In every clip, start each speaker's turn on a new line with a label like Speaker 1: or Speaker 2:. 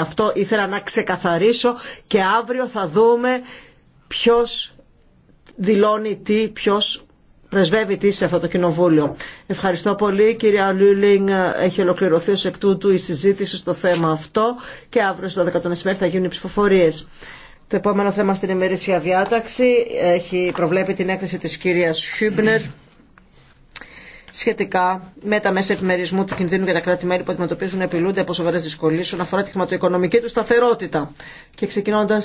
Speaker 1: Αυτό ήθελα να ξεκαθαρίσω και αύριο θα δούμε ποιος δηλώνει τι, ποιος πρεσβεύει τι σε αυτό το κοινοβούλιο. Ευχαριστώ πολύ. Κυρία Λούλινγκ, έχει ολοκληρωθεί ως εκ τούτου η συζήτηση στο θέμα αυτό και αύριο στο 12 μεσημέρι θα γίνουν οι ψηφοφορίες. Το επόμενο θέμα στην ημερήσια διάταξη έχει προβλέπει την έκθεση της κυρίας Χούμπνερ σχετικά με τα μέσα επιμερισμού του κινδύνου για τα κράτη-μέλη που αντιμετωπίζουν επιλούνται από σοβαρέ δυσκολίε όσον αφορά τη χρηματοοικονομική του σταθερότητα. Και ξεκινώντα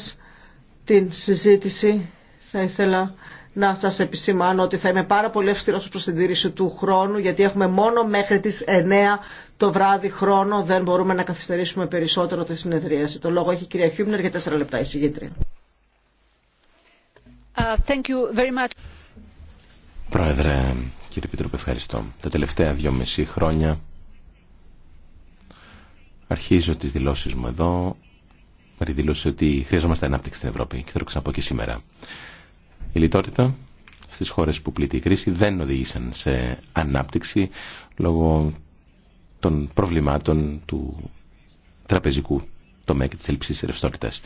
Speaker 1: την συζήτηση, θα ήθελα να σα επισημάνω ότι θα είμαι πάρα πολύ αυστηρό προ την τήρηση του χρόνου γιατί έχουμε μόνο μέχρι τι 9 το βράδυ χρόνο δεν μπορούμε να καθυστερήσουμε περισσότερο τη συνεδρίαση. Το λόγο έχει η κυρία Χιούμνερ για 4 λεπτά η συγγήτρια.
Speaker 2: Uh, thank you very much.
Speaker 3: Πρόεδρε, Κύριε Πίτροπε, ευχαριστώ. Τα τελευταία δυόμιση χρόνια αρχίζω τις δηλώσεις μου εδώ με τη δηλώση ότι χρειαζόμαστε ανάπτυξη στην Ευρώπη και θα το ξαναπώ και σήμερα. Η λιτότητα στις χώρες που πλήττει η κρίση δεν οδήγησαν σε ανάπτυξη λόγω των προβλημάτων του τραπεζικού τομέα και της έλλειψης ρευστότητας.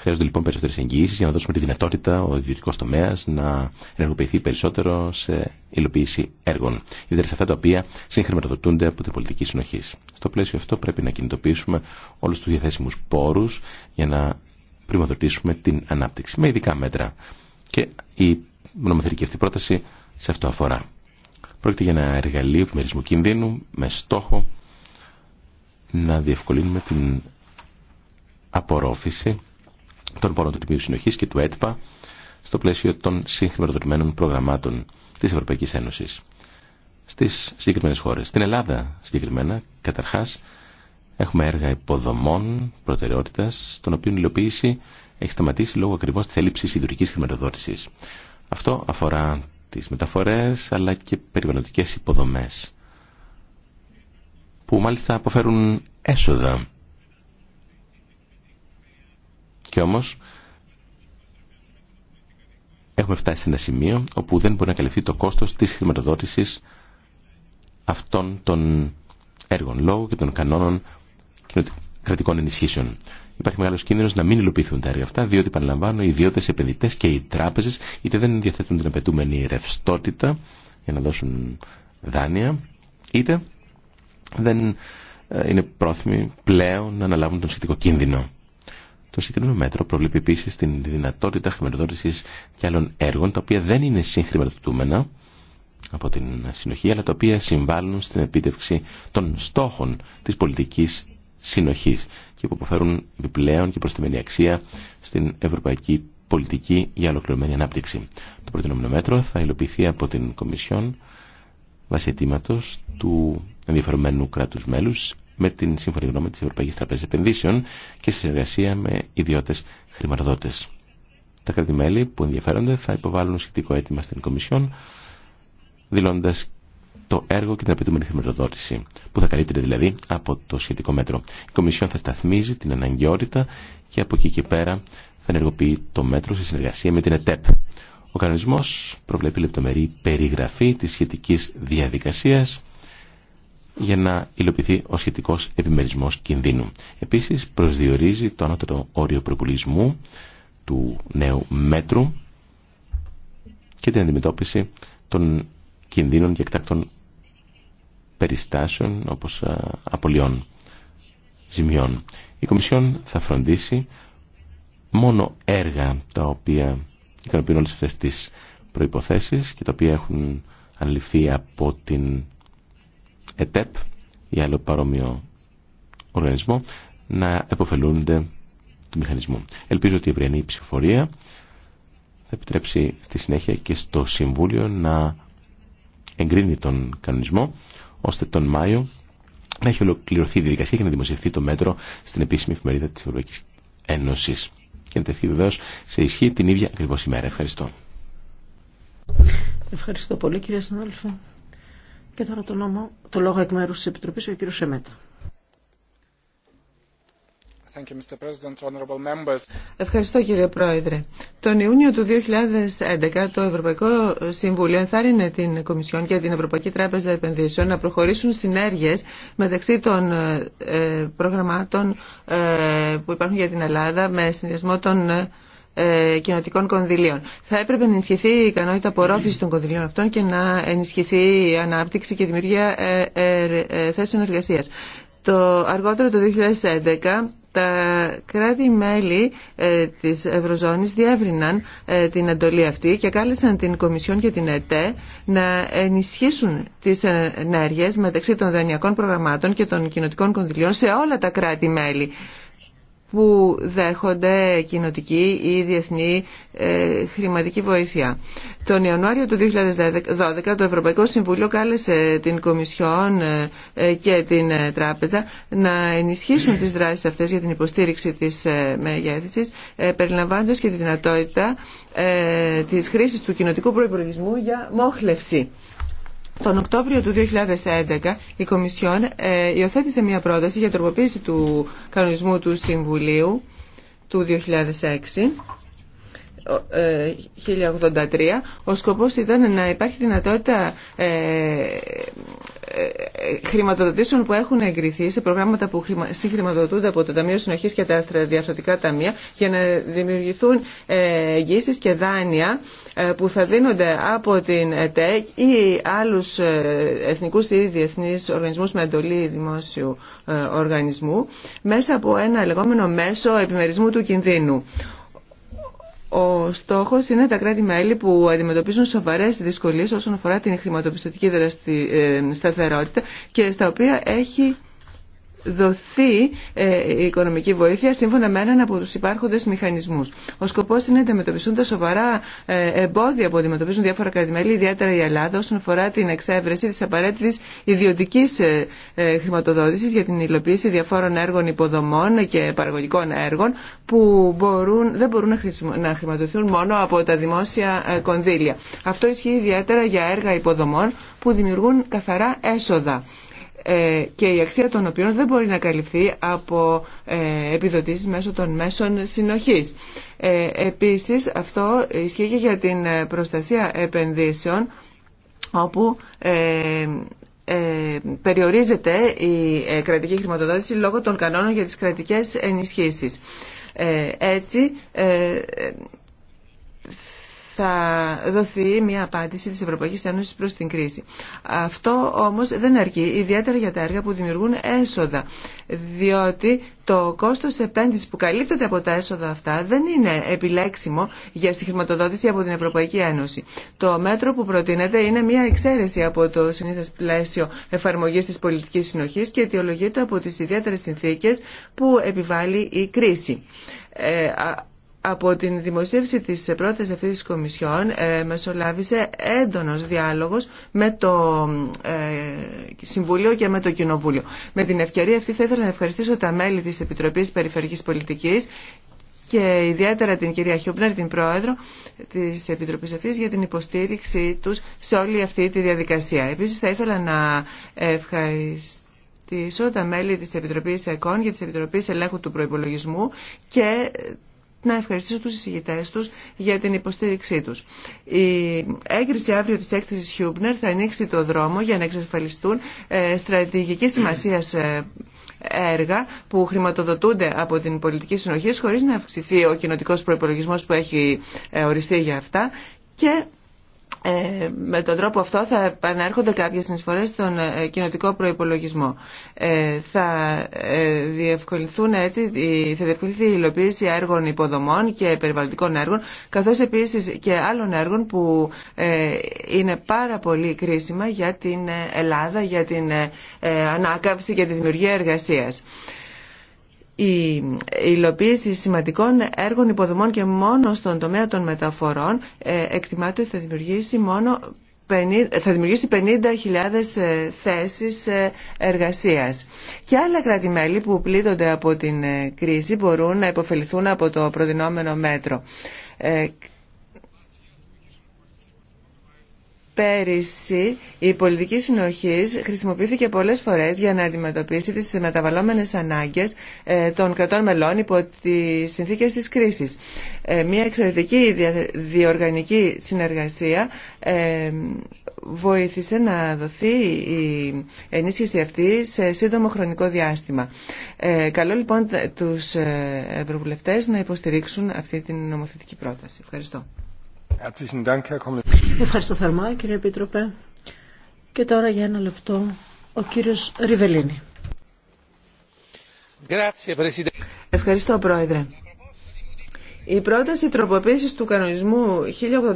Speaker 3: Χρειάζονται λοιπόν περισσότερε εγγυήσει για να δώσουμε τη δυνατότητα ο ιδιωτικό τομέα να ενεργοποιηθεί περισσότερο σε υλοποίηση έργων, ιδιαίτερα σε αυτά τα οποία συγχρηματοδοτούνται από την πολιτική συνοχή. Στο πλαίσιο αυτό πρέπει να κινητοποιήσουμε όλου του διαθέσιμου πόρου για να πρημοδοτήσουμε την ανάπτυξη με ειδικά μέτρα. Και η νομοθετική αυτή πρόταση σε αυτό αφορά. Πρόκειται για ένα εργαλείο επιμερισμού κινδύνου με στόχο να διευκολύνουμε την απορρόφηση των πόρων του Τμήματο Συνοχή και του ΕΤΠΑ στο πλαίσιο των συγχρηματοδοτημένων προγραμμάτων τη Ευρωπαϊκή Ένωση στι συγκεκριμένε χώρε. Στην Ελλάδα συγκεκριμένα, καταρχά, έχουμε έργα υποδομών προτεραιότητα, των οποίων η υλοποίηση έχει σταματήσει λόγω ακριβώ τη έλλειψη ιδρυτική χρηματοδότηση. Αυτό αφορά τι μεταφορέ αλλά και περιβαλλοντικέ υποδομέ που μάλιστα αποφέρουν έσοδα και όμως έχουμε φτάσει σε ένα σημείο όπου δεν μπορεί να καλυφθεί το κόστος της χρηματοδότησης αυτών των έργων λόγου και των κανόνων κρατικών ενισχύσεων. Υπάρχει μεγάλο κίνδυνο να μην υλοποιηθούν τα έργα αυτά, διότι, παραλαμβάνω, οι ιδιώτε επενδυτέ και οι τράπεζε είτε δεν διαθέτουν την απαιτούμενη ρευστότητα για να δώσουν δάνεια, είτε δεν ε, είναι πρόθυμοι πλέον να αναλάβουν τον σχετικό κίνδυνο. Το συγκεκριμένο μέτρο προβλέπει επίση την δυνατότητα χρηματοδότηση και άλλων έργων τα οποία δεν είναι συγχρηματοδοτούμενα από την συνοχή αλλά τα οποία συμβάλλουν στην επίτευξη των στόχων τη πολιτική συνοχή και που αποφέρουν επιπλέον και προστιμένη αξία στην ευρωπαϊκή πολιτική για ολοκληρωμένη ανάπτυξη. Το προτινόμενο μέτρο θα υλοποιηθεί από την Κομισιόν βάσει του ενδιαφερμένου κρατου μέλους με την σύμφωνη γνώμη της Ευρωπαϊκής Τραπεζής Επενδύσεων και σε συνεργασία με ιδιώτες χρηματοδότες. Τα κράτη-μέλη που ενδιαφέρονται θα υποβάλουν σχετικό αίτημα στην Κομισιόν δηλώνοντα το έργο και την απαιτούμενη χρηματοδότηση, που θα καλύπτεται δηλαδή από το σχετικό μέτρο. Η Κομισιόν θα σταθμίζει την αναγκαιότητα και από εκεί και πέρα θα ενεργοποιεί το μέτρο σε συνεργασία με την ΕΤΕΠ. Ο κανονισμός προβλέπει λεπτομερή περιγραφή της σχετική διαδικασίας για να υλοποιηθεί ο σχετικό επιμερισμό κινδύνου. Επίση, προσδιορίζει το ανώτερο όριο προπολισμού του νέου μέτρου και την αντιμετώπιση των κινδύνων και εκτάκτων περιστάσεων όπως απολειών, ζημιών. Η Κομισιόν θα φροντίσει μόνο έργα τα οποία ικανοποιούν όλες αυτές τις προϋποθέσεις και τα οποία έχουν από την ΕΤΕΠ ή άλλο παρόμοιο οργανισμό να επωφελούνται του μηχανισμού. Ελπίζω ότι η ευριανή ψηφοφορία θα επιτρέψει στη συνέχεια και στο Συμβούλιο να εγκρίνει τον κανονισμό ώστε τον Μάιο να έχει ολοκληρωθεί η διαδικασία και να δημοσιευθεί το μέτρο στην επίσημη εφημερίδα της Ευρωπαϊκής Ένωσης και να τεθεί βεβαίω. σε ισχύ την ίδια ακριβώς ημέρα. Ευχαριστώ.
Speaker 1: Ευχαριστώ πολύ κύριε συνάδελφε. Και τώρα το, νόμο, το λόγο εκ μέρους της Επιτροπής, ο κύριος Σεμέτα. Ευχαριστώ κύριε Πρόεδρε. Τον Ιούνιο του
Speaker 4: 2011 το Ευρωπαϊκό Συμβούλιο ενθάρρυνε την Κομισιόν και την Ευρωπαϊκή Τράπεζα Επενδύσεων να προχωρήσουν συνέργειες μεταξύ των ε, προγραμμάτων ε, που υπάρχουν για την Ελλάδα με συνδυασμό των ε, ε, κοινοτικών κονδυλίων. Θα έπρεπε να ενισχυθεί η ικανότητα απορρόφηση των κονδυλίων αυτών και να ενισχυθεί η ανάπτυξη και η δημιουργία ε, ε, ε, θέσεων εργασία. Το αργότερο το 2011 τα κράτη-μέλη ε, της Ευρωζώνης διεύρυναν την εντολή αυτή και κάλεσαν την Κομισιόν και την ΕΤΕ να ενισχύσουν τις ενέργειες μεταξύ των δανειακών προγραμμάτων και των κοινοτικών κονδυλιών σε όλα τα κράτη-μέλη που δέχονται κοινοτική ή διεθνή ε, χρηματική βοήθεια. Τον Ιανουάριο του 2012 το Ευρωπαϊκό Συμβούλιο κάλεσε την Κομισιόν ε, ε, και την Τράπεζα να ενισχύσουν τις δράσεις αυτές για την υποστήριξη της μεγέθυνσης περιλαμβάνοντας και τη δυνατότητα της χρήσης του κοινοτικού προϋπολογισμού για μόχλευση. Τον Οκτώβριο του 2011 η Κομισιόν ε, υιοθέτησε μια πρόταση για τροποποίηση του κανονισμού του Συμβουλίου του 2006 1083. Ε, ο σκοπός ήταν να υπάρχει δυνατότητα ε, χρηματοδοτήσεων που έχουν εγκριθεί σε προγράμματα που συγχρηματοδοτούνται από το Ταμείο Συνοχή και τα Διαρθρωτικά Ταμεία για να δημιουργηθούν ε, εγγύσει και δάνεια ε, που θα δίνονται από την ΕΤΕΚ ή άλλου ε, εθνικού ή διεθνεί οργανισμού με εντολή δημόσιου οργανισμού μέσα από ένα λεγόμενο μέσο επιμερισμού του κινδύνου. Ο στόχο είναι τα κράτη-μέλη που αντιμετωπίζουν σοβαρέ δυσκολίε όσον αφορά την χρηματοπιστωτική ε, σταθερότητα και στα οποία έχει δοθεί ε, η οικονομική βοήθεια σύμφωνα με έναν από τους υπάρχοντες μηχανισμούς. Ο σκοπός είναι να αντιμετωπιστούν τα σοβαρά ε, εμπόδια που αντιμετωπίζουν διάφορα κρατημέλη, ιδιαίτερα η Ελλάδα, όσον αφορά την εξέβρεση της απαραίτητης ιδιωτικής ε, χρηματοδότησης για την υλοποίηση διαφόρων έργων υποδομών και παραγωγικών έργων που μπορούν, δεν μπορούν να χρηματοδοτηθούν μόνο από τα δημόσια κονδύλια. Αυτό ισχύει ιδιαίτερα για έργα υποδομών που δημιουργούν καθαρά έσοδα. Ε, και η αξία των οποίων δεν μπορεί να καλυφθεί από ε, επιδοτήσεις μέσω των μέσων συνοχής. Ε, επίσης, αυτό ισχύει και για την προστασία επενδύσεων, όπου περιορίζεται η κρατική χρηματοδότηση λόγω των κανόνων για τις κρατικές ενισχύσεις. Έτσι, θα δοθεί μια απάντηση της Ευρωπαϊκής Ένωσης προς την κρίση. Αυτό όμως δεν αρκεί, ιδιαίτερα για τα έργα που δημιουργούν έσοδα, διότι το κόστος επένδυσης που καλύπτεται από τα έσοδα αυτά δεν είναι επιλέξιμο για συγχρηματοδότηση από την Ευρωπαϊκή Ένωση. Το μέτρο που προτείνεται είναι μια εξαίρεση από το συνήθες πλαίσιο εφαρμογής της πολιτικής συνοχής και αιτιολογείται από τις ιδιαίτερες συνθήκες που επιβάλλει η κρίση. Ε, από την δημοσίευση της πρώτης αυτής της Κομισιόν ε, μεσολάβησε έντονος διάλογος με το ε, Συμβούλιο και με το Κοινοβούλιο. Με την ευκαιρία αυτή θα ήθελα να ευχαριστήσω τα μέλη της Επιτροπής Περιφερειακής Πολιτικής και ιδιαίτερα την κυρία Χιούμπνερ, την πρόεδρο της Επιτροπής αυτής, για την υποστήριξή τους σε όλη αυτή τη διαδικασία. Επίσης θα ήθελα να ευχαριστήσω τα μέλη της Επιτροπής ΕΚΟΝ και της Επιτροπής Ελέγχου του Προϋπολογισμού και να ευχαριστήσω τους εισηγητές τους για την υποστήριξή τους. Η έγκριση αύριο της έκθεσης Χιούμπνερ θα ανοίξει το δρόμο για να εξασφαλιστούν ε, στρατηγική σημασία έργα που χρηματοδοτούνται από την πολιτική συνοχή χωρίς να αυξηθεί ο κοινοτικός προϋπολογισμός που έχει ε, οριστεί για αυτά και ε, με τον τρόπο αυτό θα επανέρχονται κάποιες συνεισφορές στον ε, κοινοτικό προϋπολογισμό. Ε, θα ε, έτσι, θα διευκολυνθεί η υλοποίηση έργων υποδομών και περιβαλλοντικών έργων, καθώς επίσης και άλλων έργων που είναι πάρα πολύ κρίσιμα για την Ελλάδα, για την ανάκαμψη και τη δημιουργία εργασίας η υλοποίηση σημαντικών έργων υποδομών και μόνο στον τομέα των μεταφορών ε, εκτιμάται ότι θα δημιουργήσει μόνο θα δημιουργήσει 50.000 ε, θέσεις ε, εργασίας. Και άλλα κράτη-μέλη που πλήττονται από την κρίση μπορούν να υποφεληθούν από το προτινόμενο μέτρο. Πέρυσι η πολιτική συνοχή χρησιμοποιήθηκε πολλέ φορέ για να αντιμετωπίσει τι μεταβαλλόμενε ανάγκε ε, των κρατών μελών υπό τι συνθήκε τη κρίση. Ε, μια εξαιρετική διοργανική συνεργασία ε, βοήθησε να δοθεί η ενίσχυση αυτή σε σύντομο χρονικό διάστημα. Καλό λοιπόν του ευρωβουλευτέ να υποστηρίξουν αυτή την νομοθετική πρόταση. Ευχαριστώ.
Speaker 1: Ευχαριστώ θερμά κύριε Επίτροπε. Και τώρα για ένα λεπτό ο κύριος Ριβελίνη.
Speaker 4: Ευχαριστώ πρόεδρε. Η πρόταση τροποποίηση του κανονισμού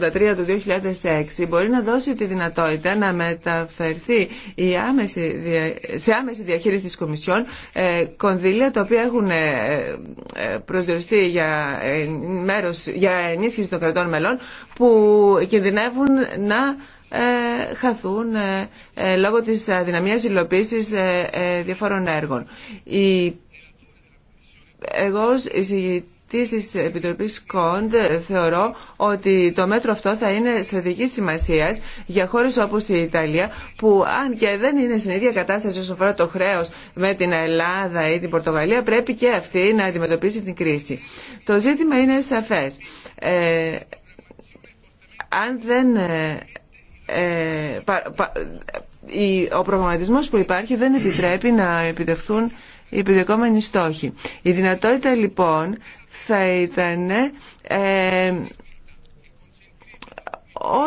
Speaker 4: 1083 του 2006 μπορεί να δώσει τη δυνατότητα να μεταφερθεί η άμεση, σε άμεση διαχείριση της Κομισιόν ε, κονδύλια τα οποία έχουν ε, ε, προσδιοριστεί για, μέρος, για ενίσχυση των κρατών μελών που κινδυνεύουν να χαθούν λόγω της αδυναμίας υλοποίησης διαφόρων έργων. Η... Εγώ ως της, της Επιτροπής Κοντ θεωρώ ότι το μέτρο αυτό θα είναι στρατηγικής σημασίας για χώρες όπως η Ιταλία που αν και δεν είναι στην ίδια κατάσταση όσον αφορά το χρέος με την Ελλάδα ή την Πορτογαλία πρέπει και αυτή να αντιμετωπίσει την κρίση. Το ζήτημα είναι σαφές. Ε, αν δεν... Ε, ε ο προγραμματισμός που υπάρχει δεν επιτρέπει να επιτευχθούν οι επιδεκόμενοι στόχοι. Η δυνατότητα λοιπόν θα ήταν ε,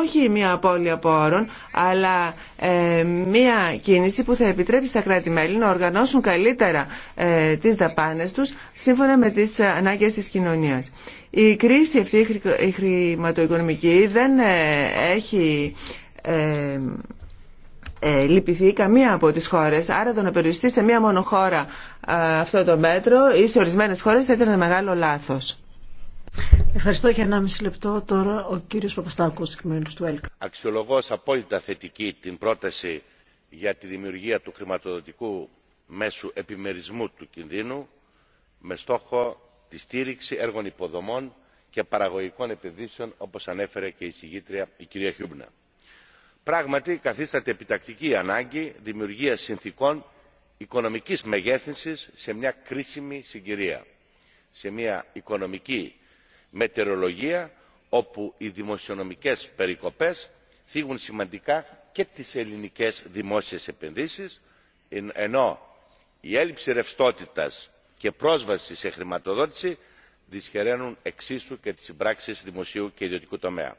Speaker 4: όχι μια απώλεια πόρων, αλλά ε, μια κίνηση που θα επιτρέψει στα κράτη-μέλη να οργανώσουν καλύτερα ε, τις δαπάνες τους σύμφωνα με τις ανάγκες της κοινωνίας. Η κρίση αυτή η χρηματοοικονομική δεν ε, έχει ε, λυπηθεί καμία από τις χώρες. Άρα το να περιοριστεί σε μία μόνο χώρα ε, αυτό το μέτρο ή σε ορισμένες χώρες
Speaker 1: θα ήταν ένα μεγάλο λάθος. Ευχαριστώ για μισή λεπτό τώρα ο κύριος Παπαστάκος, εκμέλους του ΕΛΚ.
Speaker 5: Αξιολογώς απόλυτα θετική την πρόταση για τη δημιουργία του χρηματοδοτικού μέσου επιμερισμού του κινδύνου με στόχο τη στήριξη έργων υποδομών και παραγωγικών επενδύσεων όπως ανέφερε και η συγγήτρια η κυρία Χιούμπνα πράγματι καθίσταται επιτακτική ανάγκη δημιουργίας συνθηκών οικονομικής μεγέθυνσης σε μια κρίσιμη συγκυρία σε μια οικονομική μετεωρολογία όπου οι δημοσιονομικές περικοπές θίγουν σημαντικά και τις ελληνικές δημόσιες επενδύσεις ενώ η έλλειψη ρευστότητας και πρόσβαση σε χρηματοδότηση δυσχεραίνουν εξίσου και τις συμπράξεις δημοσίου και ιδιωτικού τομέα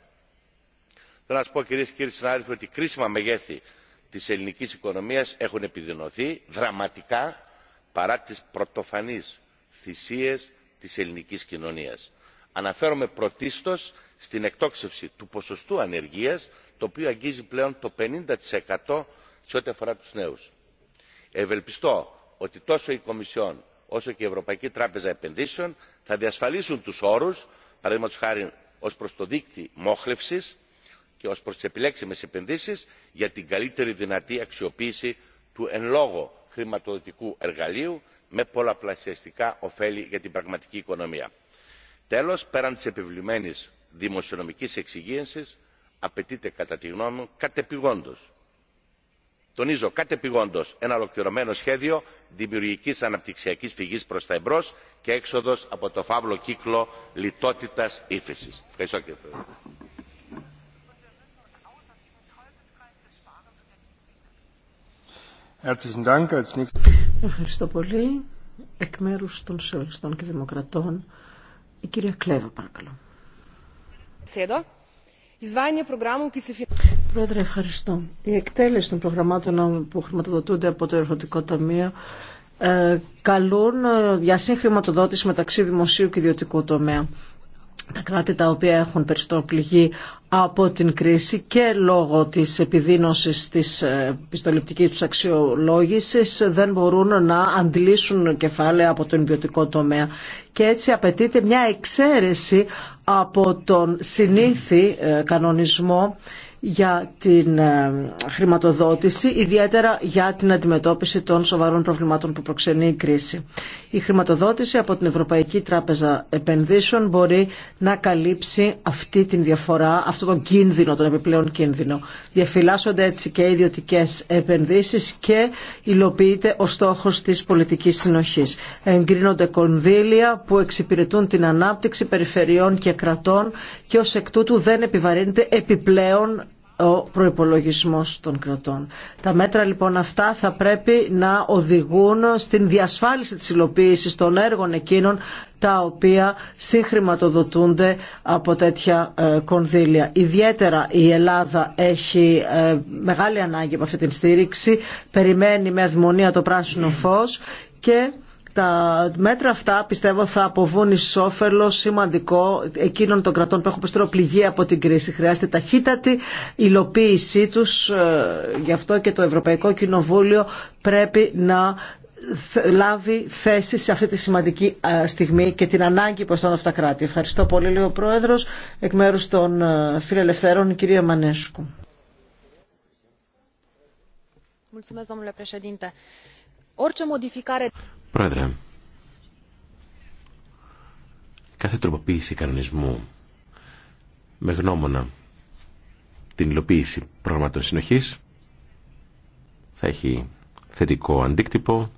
Speaker 5: θέλω να σα πω κυρίε και κύριοι συνάδελφοι ότι κρίσιμα μεγέθη τη ελληνική οικονομία έχουν επιδεινωθεί δραματικά παρά τι πρωτοφανεί θυσίε τη ελληνική κοινωνία. αναφέρομαι πρωτίστω στην εκτόξευση του ποσοστού ανεργία το οποίο αγγίζει πλέον το 50% σε ό,τι αφορά του νέου. Ευελπιστώ ότι τόσο η Κομισιόν όσο και η Ευρωπαϊκή Τράπεζα Επενδύσεων θα διασφαλίσουν του όρου, παραδείγματο χάρη ω προ το δίκτυο μόχλευση, και ω προ τι επιλέξιμε επενδύσει για την καλύτερη δυνατή αξιοποίηση του εν λόγω χρηματοδοτικού εργαλείου με πολλαπλασιαστικά ωφέλη για την πραγματική οικονομία. Τέλο, πέραν τη επιβλημένη δημοσιονομική εξυγίανση, απαιτείται κατά τη γνώμη μου κατεπηγόντως τονίζω κατεπηγόντω ένα ολοκληρωμένο σχέδιο δημιουργική αναπτυξιακή φυγή προ τα εμπρό και έξοδο από το φαύλο κύκλο λιτότητα ύφεση. Ευχαριστώ κύριε Πρόεδρε.
Speaker 1: Ευχαριστώ πολύ. Εκ μέρου των Σοσιαλιστών και Δημοκρατών, η κυρία Κλέβα, παρακαλώ. Πρόεδρε, ευχαριστώ. Η εκτέλεση των προγραμμάτων που χρηματοδοτούνται από το Ερωτικό Ταμείο ε, καλούν ε, για συγχρηματοδότηση μεταξύ δημοσίου και ιδιωτικού τομέα. Τα κράτη τα οποία έχουν περισσότερο πληγή από την κρίση και λόγω της επιδείνωσης της ε, πιστοληπτικής τους αξιολόγησης δεν μπορούν να αντλήσουν κεφάλαια από τον ιδιωτικό τομέα. Και έτσι απαιτείται μια εξαίρεση από τον συνήθι ε, κανονισμό για την ε, χρηματοδότηση, ιδιαίτερα για την αντιμετώπιση των σοβαρών προβλημάτων που προξενεί η κρίση. Η χρηματοδότηση από την Ευρωπαϊκή Τράπεζα Επενδύσεων μπορεί να καλύψει αυτή την διαφορά, αυτό τον κίνδυνο, τον επιπλέον κίνδυνο. Διαφυλάσσονται έτσι και ιδιωτικέ επενδύσει και υλοποιείται ο στόχο της πολιτική συνοχής. Εγκρίνονται κονδύλια που εξυπηρετούν την ανάπτυξη περιφερειών και κρατών και ω εκ τούτου δεν επιβαρύνεται επιπλέον ο προϋπολογισμός των κρατών. Τα μέτρα λοιπόν αυτά θα πρέπει να οδηγούν στην διασφάλιση της υλοποίησης των έργων εκείνων τα οποία συγχρηματοδοτούνται από τέτοια ε, κονδύλια. Ιδιαίτερα η Ελλάδα έχει ε, μεγάλη ανάγκη από αυτή την στήριξη, περιμένει με αδμονία το πράσινο φως και τα μέτρα αυτά πιστεύω θα αποβούν ει όφελο σημαντικό εκείνων των κρατών που έχουν περισσότερο πληγεί από την κρίση. Χρειάζεται ταχύτατη υλοποίησή τους, ε, γι' αυτό και το Ευρωπαϊκό Κοινοβούλιο πρέπει να λάβει θέση σε αυτή τη σημαντική ε, στιγμή και την ανάγκη που αισθάνονται αυτά κράτη. Ευχαριστώ πολύ, λέει ο Πρόεδρο, εκ μέρου των ε, φιλελευθέρων, η κυρία Μανέσκου.
Speaker 3: Πρόεδρε, κάθε τροποποίηση κανονισμού με γνώμονα την υλοποίηση προγραμμάτων συνοχής θα έχει θετικό αντίκτυπο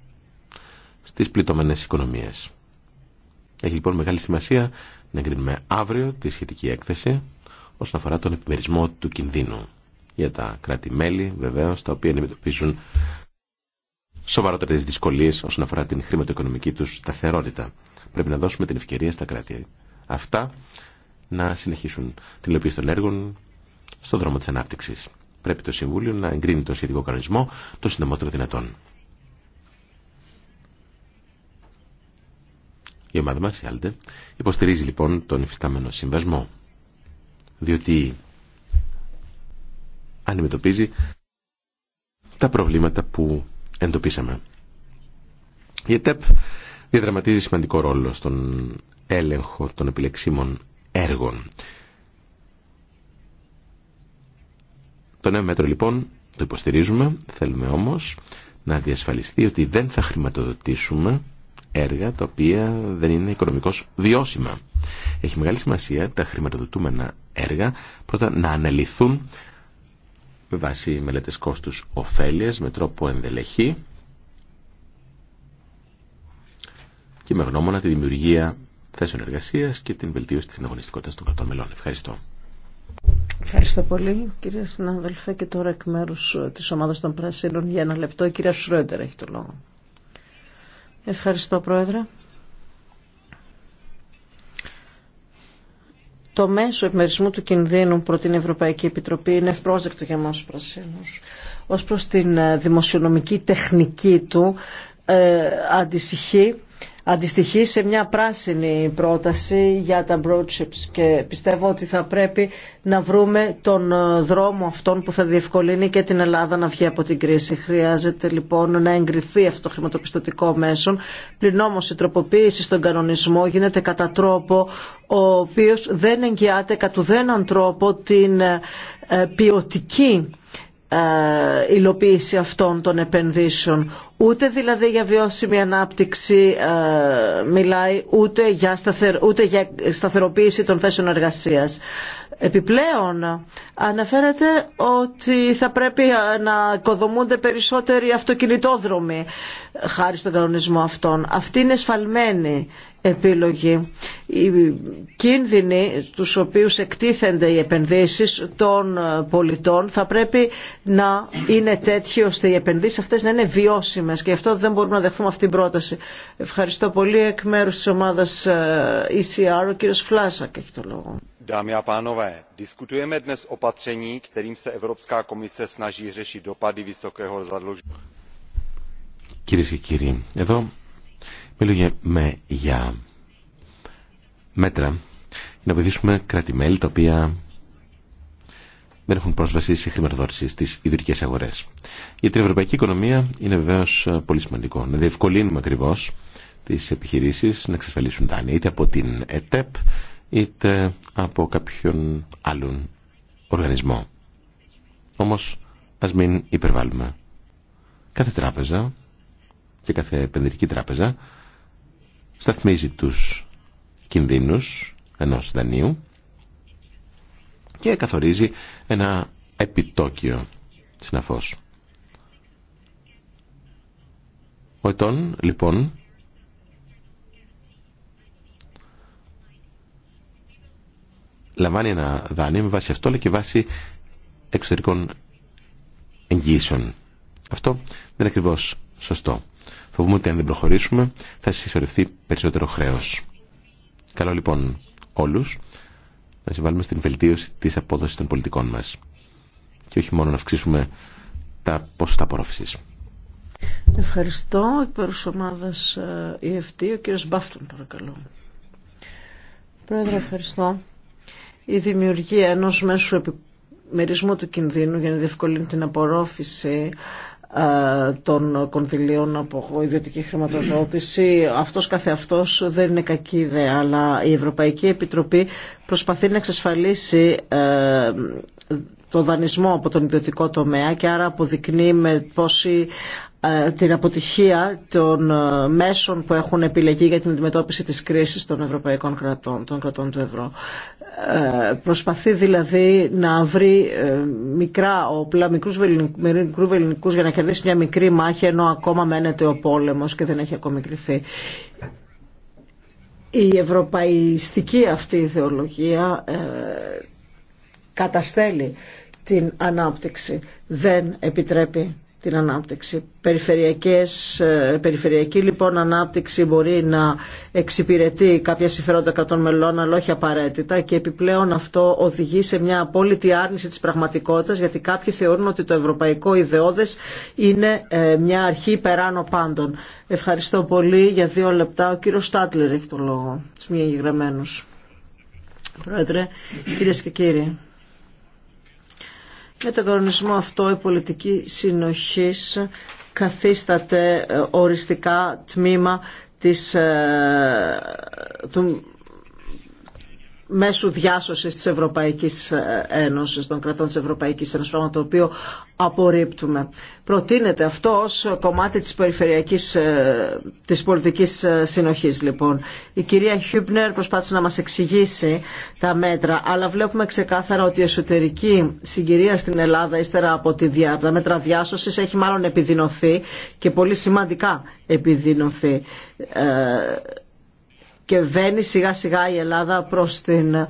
Speaker 3: στις πληττωμένες οικονομίες. Έχει λοιπόν μεγάλη σημασία να εγκρίνουμε αύριο τη σχετική έκθεση όσον αφορά τον επιμερισμό του κινδύνου για τα κράτη-μέλη βεβαίως τα οποία αντιμετωπίζουν σοβαρότερε δυσκολίε όσον αφορά την χρηματοοικονομική του σταθερότητα. Πρέπει να δώσουμε την ευκαιρία στα κράτη αυτά να συνεχίσουν την υλοποίηση των έργων στον δρόμο τη ανάπτυξη. Πρέπει το Συμβούλιο να εγκρίνει τον σχετικό κανονισμό το συντομότερο δυνατόν. Η ομάδα μας, η Άλτε, υποστηρίζει λοιπόν τον υφιστάμενο συμβασμό, διότι αντιμετωπίζει τα προβλήματα που εντοπίσαμε. Η ΕΤΕΠ διαδραματίζει σημαντικό ρόλο στον έλεγχο των επιλεξίμων έργων. Το νέο μέτρο λοιπόν το υποστηρίζουμε, θέλουμε όμως να διασφαλιστεί ότι δεν θα χρηματοδοτήσουμε έργα τα οποία δεν είναι οικονομικώς βιώσιμα. Έχει μεγάλη σημασία τα χρηματοδοτούμενα έργα πρώτα να αναλυθούν με βάση μελέτες κόστους ωφέλειας με τρόπο ενδελεχή και με γνώμονα τη δημιουργία θέσεων εργασίας και την βελτίωση της ανταγωνιστικότητας των κρατών μελών. Ευχαριστώ.
Speaker 1: Ευχαριστώ πολύ, κύριε συνάδελφε. Και τώρα εκ μέρου ε, της ομάδας των Πρασίνων για ένα λεπτό, η κυρία Σρόντερ έχει το λόγο. Ευχαριστώ, Πρόεδρε. το μέσο επιμερισμού του κινδύνου προ την Ευρωπαϊκή Επιτροπή είναι ευπρόσδεκτο για εμάς πρασίνους. Ως προς την ε, δημοσιονομική τεχνική του ε, αντισυχεί αντιστοιχεί σε μια πράσινη πρόταση για τα broadships και πιστεύω ότι θα πρέπει να βρούμε τον ε, δρόμο αυτόν που θα διευκολύνει και την Ελλάδα να βγει από την κρίση. Χρειάζεται λοιπόν να εγκριθεί αυτό το χρηματοπιστωτικό μέσο. Πλην όμως η τροποποίηση στον κανονισμό γίνεται κατά τρόπο ο οποίος δεν εγγυάται κατ' ουδέναν τρόπο την ε, ποιοτική ε, υλοποίηση αυτών των επενδύσεων. Ούτε δηλαδή για βιώσιμη ανάπτυξη ε, μιλάει, ούτε για, ούτε για σταθεροποίηση των θέσεων εργασίας. Επιπλέον αναφέρεται ότι θα πρέπει ε, να οικοδομούνται περισσότεροι αυτοκινητόδρομοι χάρη στον κανονισμό αυτών. Αυτή είναι σφαλμένη επιλογή. Οι κίνδυνοι στους οποίους εκτίθενται οι επενδύσεις των πολιτών θα πρέπει να είναι τέτοιοι ώστε οι επενδύσεις αυτές να είναι βιώσιμες και γι' αυτό δεν μπορούμε να δεχθούμε αυτή την πρόταση. Ευχαριστώ πολύ εκ μέρους της ομάδας ε, ECR ο κύριος Φλάσακ έχει το λόγο.
Speaker 6: Dámy a dnes opatření, se Evropská komise snaží řešit dopady vysokého zadlužení.
Speaker 3: Κυρίε και κύριοι, εδώ με για μέτρα να βοηθήσουμε κράτη-μέλη τα οποία δεν έχουν πρόσβαση σε χρηματοδότηση στι ιδρυτικέ αγορέ. Για την ευρωπαϊκή οικονομία είναι βεβαίω ε, πολύ σημαντικό να διευκολύνουμε ακριβώ τι επιχειρήσει να εξασφαλίσουν δάνεια είτε από την ΕΤΕΠ είτε από κάποιον άλλον οργανισμό. Όμω α μην υπερβάλλουμε. Κάθε τράπεζα και κάθε επενδυτική τράπεζα σταθμίζει τους κινδύνους ενός δανείου και καθορίζει ένα επιτόκιο συναφώς. Ο ετών, λοιπόν, λαμβάνει ένα δάνειο με βάση αυτό αλλά και βάση εξωτερικών εγγύσεων. Αυτό δεν είναι ακριβώς σωστό. Φοβούμαι ότι αν δεν προχωρήσουμε θα συσσωρευτεί περισσότερο χρέο. Καλό λοιπόν όλους να συμβάλλουμε στην βελτίωση της απόδοσης των πολιτικών μας και όχι μόνο να αυξήσουμε τα ποσοστά απορρόφηση.
Speaker 1: Ευχαριστώ. Εκ ομάδας ε, EFT, ο κύριος Μπάφτον παρακαλώ. Πρόεδρε, ευχαριστώ. Η δημιουργία ενό μέσου επιμερισμού του κινδύνου για να διευκολύνει την απορρόφηση ε, των κονδυλίων από ιδιωτική χρηματοδότηση. Αυτός καθεαυτός δεν είναι κακή ιδέα, αλλά η Ευρωπαϊκή Επιτροπή προσπαθεί να εξασφαλίσει ε, το δανεισμό από τον ιδιωτικό τομέα και άρα αποδεικνύει με πόση ε, την αποτυχία των ε, μέσων που έχουν επιλεγεί για την αντιμετώπιση της κρίσης των ευρωπαϊκών κρατών, των κρατών του ευρώ. Ε, προσπαθεί δηλαδή να βρει μικρά όπλα, μικρούς βεληνικούς για να κερδίσει μια μικρή μάχη ενώ ακόμα μένεται ο πόλεμος και δεν έχει ακόμη κρυθεί. Η ευρωπαϊστική αυτή ιδεολογία καταστέλει την ανάπτυξη. Δεν επιτρέπει την ανάπτυξη. Περιφερειακές, ε, περιφερειακή λοιπόν ανάπτυξη μπορεί να εξυπηρετεί κάποια συμφέροντα κρατών μελών, αλλά όχι απαραίτητα και επιπλέον αυτό οδηγεί σε μια απόλυτη άρνηση της πραγματικότητας, γιατί κάποιοι θεωρούν ότι το ευρωπαϊκό ιδεώδες είναι ε, μια αρχή περάνω πάντων. Ευχαριστώ πολύ. Για δύο λεπτά ο κύριος Στάτλερ έχει το λόγο, τους μη εγγεγραμμένους. Πρόεδρε, κυρίες και κύριοι. Με τον κανονισμό αυτό η πολιτική συνοχή καθίσταται ε, οριστικά τμήμα της, ε, του μέσω διάσωση ε, της Ευρωπαϊκής Ένωσης, των κρατών τη Ευρωπαϊκή Ένωση, πράγμα το οποίο απορρίπτουμε. Προτείνεται αυτό ω κομμάτι της περιφερειακή ε, της πολιτικής ε, συνοχής λοιπόν. Η κυρία Χιούμπνερ προσπάθησε να μας εξηγήσει τα μέτρα, αλλά βλέπουμε ξεκάθαρα ότι η εσωτερική συγκυρία στην Ελλάδα ύστερα από τη διά, τα μέτρα διάσωση, έχει μάλλον επιδεινωθεί και πολύ σημαντικά επιδεινωθεί και βαίνει σιγά σιγά η Ελλάδα προς την ε,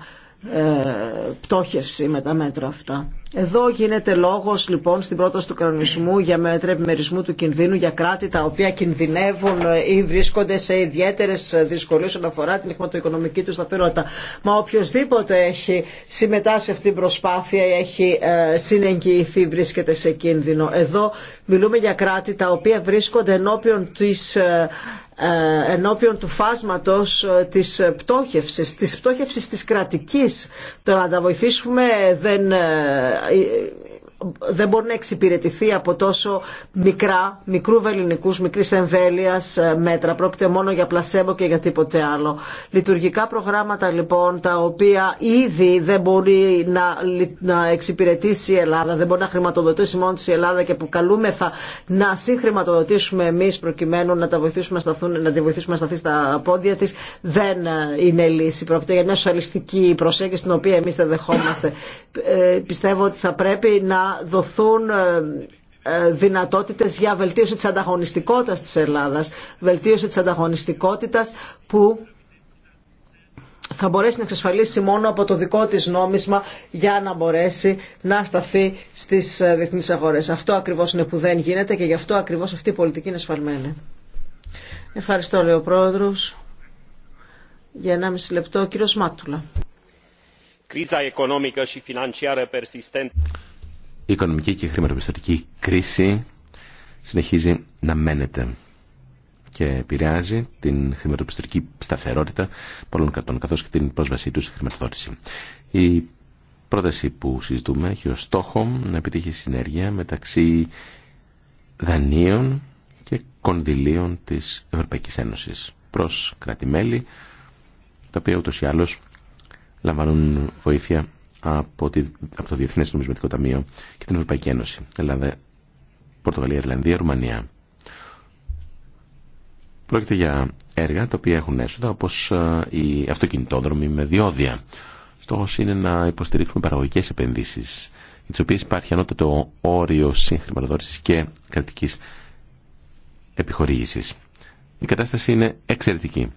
Speaker 1: πτώχευση με τα μέτρα αυτά. Εδώ γίνεται λόγο λοιπόν στην πρόταση του κανονισμού για μέτρα επιμερισμού του κινδύνου για κράτη τα οποία κινδυνεύουν ή βρίσκονται σε ιδιαίτερε δυσκολίε όσον αφορά την χρηματοοικονομική του σταθερότητα. Μα οποιοδήποτε έχει συμμετάσχει σε αυτή την προσπάθεια ή έχει ε, συνεγγυηθεί βρίσκεται σε κίνδυνο. Εδώ μιλούμε για κράτη τα οποία βρίσκονται ενώπιον ε, ε, ενώπιον του φάσματος της πτώχευσης, της πτώχευσης της κρατικής. Το να τα βοηθήσουμε δεν Άρα, ε, ε, δεν μπορεί να εξυπηρετηθεί από τόσο μικρά, μικρού βεληνικούς, μικρής εμβέλειας ε, μέτρα. Πρόκειται μόνο για πλασέμπο και για τίποτε άλλο. Λειτουργικά προγράμματα λοιπόν τα οποία ήδη δεν μπορεί να, να εξυπηρετήσει η Ελλάδα, δεν μπορεί να χρηματοδοτήσει μόνο τη η Ελλάδα και που καλούμεθα να συγχρηματοδοτήσουμε εμείς προκειμένου να, τα βοηθήσουμε, να, σταθούν, να τη βοηθήσουμε να σταθεί στα πόδια της, δεν ε, είναι λύση. Πρόκειται για μια σοσιαλιστική προσέγγιση την οποία εμείς δεν δεχόμαστε. Ε, πιστεύω ότι θα πρέπει να δοθούν ε, ε, δυνατότητες για βελτίωση της ανταγωνιστικότητας της Ελλάδας, βελτίωση της ανταγωνιστικότητας που θα μπορέσει να εξασφαλίσει μόνο από το δικό της νόμισμα για να μπορέσει να σταθεί στις ε, διεθνείς αγορές. Αυτό ακριβώς είναι που δεν γίνεται και γι' αυτό ακριβώς αυτή η πολιτική είναι σφαλμένη. Ευχαριστώ, λέει ο Πρόεδρος. Για 1,5 λεπτό, ο κύριος Μάτουλα
Speaker 3: η οικονομική και χρηματοπιστωτική κρίση συνεχίζει να μένεται και επηρεάζει την χρηματοπιστωτική σταθερότητα πολλών κρατών καθώς και την πρόσβασή του στη χρηματοδότηση. Η πρόταση που συζητούμε έχει ως στόχο να επιτύχει συνέργεια μεταξύ δανείων και κονδυλίων της Ευρωπαϊκής Ένωσης προς κράτη-μέλη, τα οποία ούτως ή άλλως λαμβάνουν βοήθεια από, από το Διεθνέ Νομισματικό Ταμείο και την Ευρωπαϊκή Ένωση. Ελλάδα, Πορτογαλία, Ιρλανδία, Ρουμανία. Πρόκειται για έργα τα οποία έχουν έσοδα όπως ε, οι αυτοκινητόδρομοι με διόδια. Στόχο είναι να υποστηρίξουμε παραγωγικές επενδύσεις για τις οποίες υπάρχει ανώτατο όριο συγχρηματοδότηση και κρατική επιχορήγηση. Η κατάσταση είναι εξαιρετική.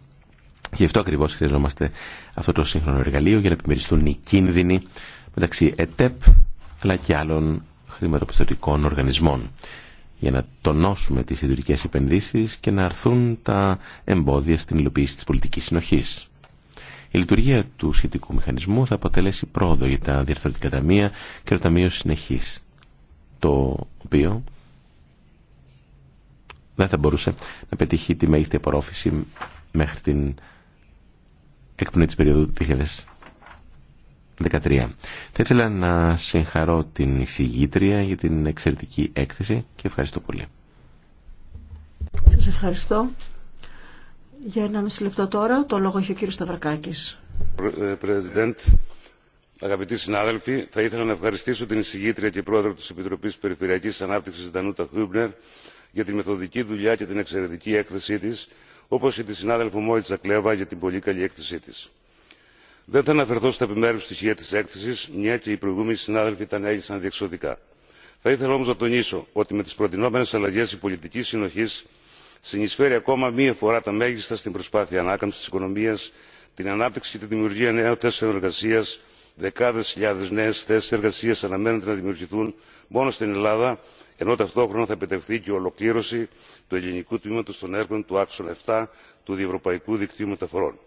Speaker 3: Γι' αυτό ακριβώς χρειαζόμαστε αυτό το σύγχρονο εργαλείο για να επιμεριστούν οι κίνδυνοι μεταξύ ΕΤΕΠ αλλά και άλλων χρηματοπιστωτικών οργανισμών για να τονώσουμε τις ιδιωτικές επενδύσεις και να αρθούν τα εμπόδια στην υλοποίηση της πολιτικής συνοχής. Η λειτουργία του σχετικού μηχανισμού θα αποτελέσει πρόοδο για τα διαρθρωτικά ταμεία και το Ταμείο Συνεχής, το οποίο δεν θα μπορούσε να πετύχει τη μέγιστη απορρόφηση μέχρι την εκπνοή της περίοδου 2013. Θα ήθελα να συγχαρώ την εισηγήτρια για την εξαιρετική έκθεση και ευχαριστώ πολύ.
Speaker 1: Σας ευχαριστώ. Για ένα μισή λεπτό τώρα, το λόγο έχει ο κύριος Σταυρακάκης.
Speaker 6: Ε, President, αγαπητοί συνάδελφοι, θα ήθελα να ευχαριστήσω την εισηγήτρια και πρόεδρο της Επιτροπής Περιφερειακής Ανάπτυξης Δανούτα Χούμπνερ για τη μεθοδική δουλειά και την εξαιρετική έκθεσή της όπω και τη συνάδελφο μόιτσα κλέβα για την πολύ καλή έκθεσή τη. δεν θα αναφερθώ στα επιμέρου στοιχεία τη έκθεση μια και οι προηγούμενοι συνάδελφοι τα ανέλησαν διεξοδικά. θα ήθελα όμω να τονίσω ότι με τι προτινόμενε αλλαγέ η πολιτική συνοχή συνεισφέρει ακόμα μία φορά τα μέγιστα στην προσπάθεια ανάκαμψη τη οικονομία την ανάπτυξη και τη δημιουργία νέων θέσεων εργασία δεκάδε χιλιάδε νέε θέσει εργασία αναμένονται να δημιουργηθούν μόνο στην ελλάδα ενώ ταυτόχρονα θα επιτευχθεί και η ολοκλήρωση του ελληνικού τμήματος των έργων του άξονα 7 του διευρωπαϊκού δικτύου μεταφορών.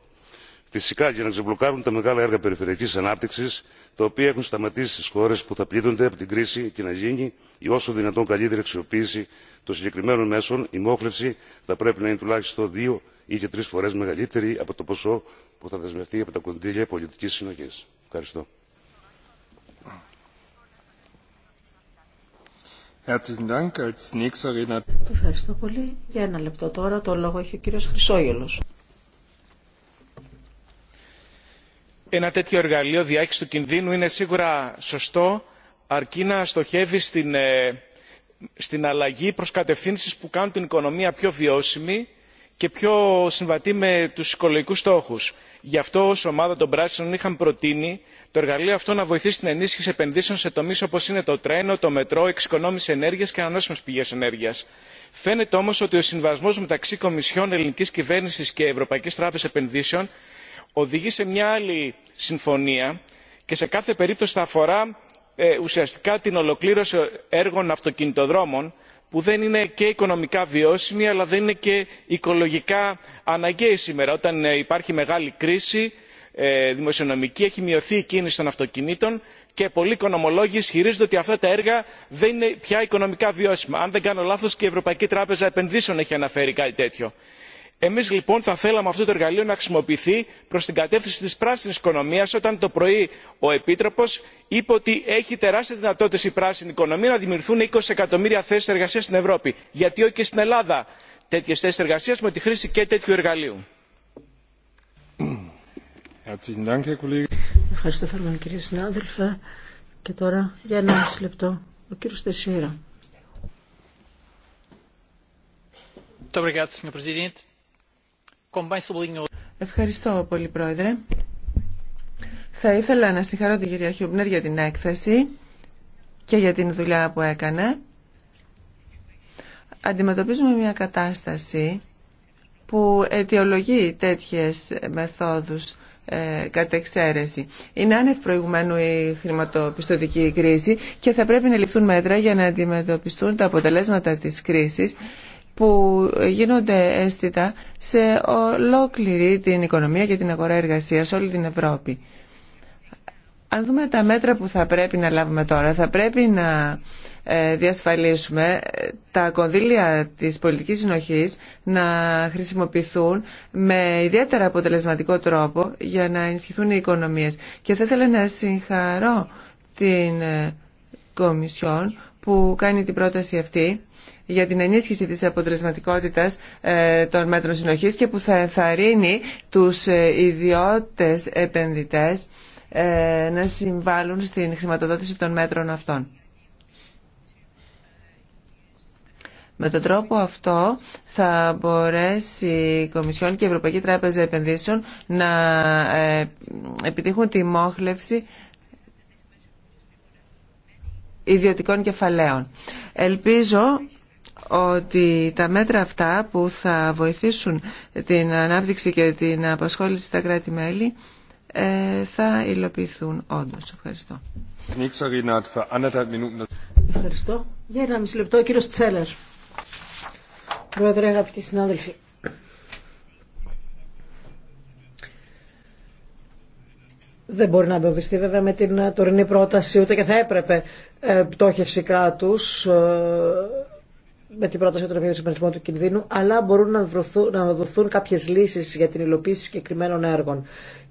Speaker 6: Φυσικά για να ξεμπλοκάρουν τα μεγάλα έργα περιφερειακής ανάπτυξης, τα οποία έχουν σταματήσει στις χώρες που θα πλήττονται από την κρίση και να γίνει η όσο δυνατόν καλύτερη αξιοποίηση των συγκεκριμένων μέσων, η μόχλευση θα πρέπει να είναι τουλάχιστον δύο ή και τρει φορέ μεγαλύτερη από το ποσό που θα δεσμευτεί από τα κονδύλια πολιτική συνοχή. Ευχαριστώ.
Speaker 1: Ευχαριστώ πολύ. Για ένα λεπτό τώρα το λόγο έχει ο κύριος Χρυσόγελος.
Speaker 7: Ένα τέτοιο εργαλείο διάχυση του κινδύνου είναι σίγουρα σωστό αρκεί να στοχεύει στην, ε, στην αλλαγή προς κατευθύνσεις που κάνουν την οικονομία πιο βιώσιμη και πιο συμβατή με τους οικολογικούς στόχους γι' αυτό ω ομάδα των πράσινων είχαμε προτείνει το εργαλείο αυτό να βοηθήσει την ενίσχυση επενδύσεων σε τομεί, όπω είναι το τρένο το μετρό εξοικονόμηση ενέργεια και ανανεώσιμε πηγές ενέργεια. φαίνεται όμω ότι ο συμβιβασμό μεταξύ κομισιόν ελληνική κυβέρνηση και Ευρωπαϊκή Τράπεζα επενδύσεων οδηγεί σε μια άλλη συμφωνία και σε κάθε περίπτωση θα αφορά ε, ουσιαστικά την ολοκλήρωση έργων αυτοκινητοδρόμων που δεν είναι και οικονομικά βιώσιμη αλλά δεν είναι και οικολογικά αναγκαία σήμερα. όταν ε, υπάρχει μεγάλη κρίση ε, δημοσιονομική έχει μειωθεί η κίνηση των αυτοκινήτων και πολλοί οικονομολόγοι ισχυρίζονται ότι αυτά τα έργα δεν είναι πια οικονομικά βιώσιμα. αν δεν κάνω λάθος και η ευρωπαϊκή τράπεζα επενδύσεων έχει αναφέρει κάτι τέτοιο εμεί λοιπόν θα θέλαμε αυτό το εργαλείο να χρησιμοποιηθεί προ την κατεύθυνση τη πράσινη οικονομία όταν το πρωί ο επίτροπο είπε ότι έχει τεράστιε δυνατότητε η πράσινη οικονομία να δημιουργηθούν είκοσι εκατομμύρια θέσει εργασία στην ευρώπη. γιατί όχι και στην ελλάδα τέτοιε θέσει εργασία με τη χρήση και τέτοιου εργαλείου.
Speaker 1: Ευχαριστώ πολύ,
Speaker 4: Πρόεδρε. Θα ήθελα να συγχαρώ την κυρία Χιούμπνερ για την έκθεση και για την δουλειά που έκανε. Αντιμετωπίζουμε μια κατάσταση που αιτιολογεί τέτοιες μεθόδους ε, κατ' εξαίρεση. Είναι άνευ προηγουμένου η χρηματοπιστωτική κρίση και θα πρέπει να ληφθούν μέτρα για να αντιμετωπιστούν τα αποτελέσματα της κρίσης που γίνονται αίσθητα σε ολόκληρη την οικονομία και την αγορά σε όλη την Ευρώπη. Αν δούμε τα μέτρα που θα πρέπει να λάβουμε τώρα, θα πρέπει να ε, διασφαλίσουμε ε, τα κονδύλια της πολιτικής συνοχής να χρησιμοποιηθούν με ιδιαίτερα αποτελεσματικό τρόπο για να ενισχυθούν οι οικονομίες. Και θα ήθελα να συγχαρώ την ε, Κομισιόν που κάνει την πρόταση αυτή για την ενίσχυση της αποτελεσματικότητας ε, των μέτρων συνοχής και που θα ενθαρρύνει τους ε, ιδιώτες επενδυτές ε, να συμβάλλουν στην χρηματοδότηση των μέτρων αυτών. Με τον τρόπο αυτό θα μπορέσει η Κομισιόν και η Ευρωπαϊκή Τράπεζα Επενδύσεων να επιτύχουν τη μόχλευση ιδιωτικών κεφαλαίων. Ελπίζω ότι τα μέτρα αυτά που θα βοηθήσουν την ανάπτυξη και την απασχόληση στα κράτη-μέλη ε, θα υλοποιηθούν όντως. Ευχαριστώ.
Speaker 1: Ευχαριστώ. Για ένα μισή λεπτό, ο κύριος Τσέλερ. Πρόεδρε, αγαπητοί συνάδελφοι. Δεν μπορεί να εμποδιστεί βέβαια με την τωρινή πρόταση, ούτε και θα έπρεπε ε, πτώχευση κράτους ε, με την πρόταση για τον του κινδύνου, αλλά μπορούν να, δοθούν, να δοθούν κάποιες λύσεις για την υλοποίηση συγκεκριμένων έργων.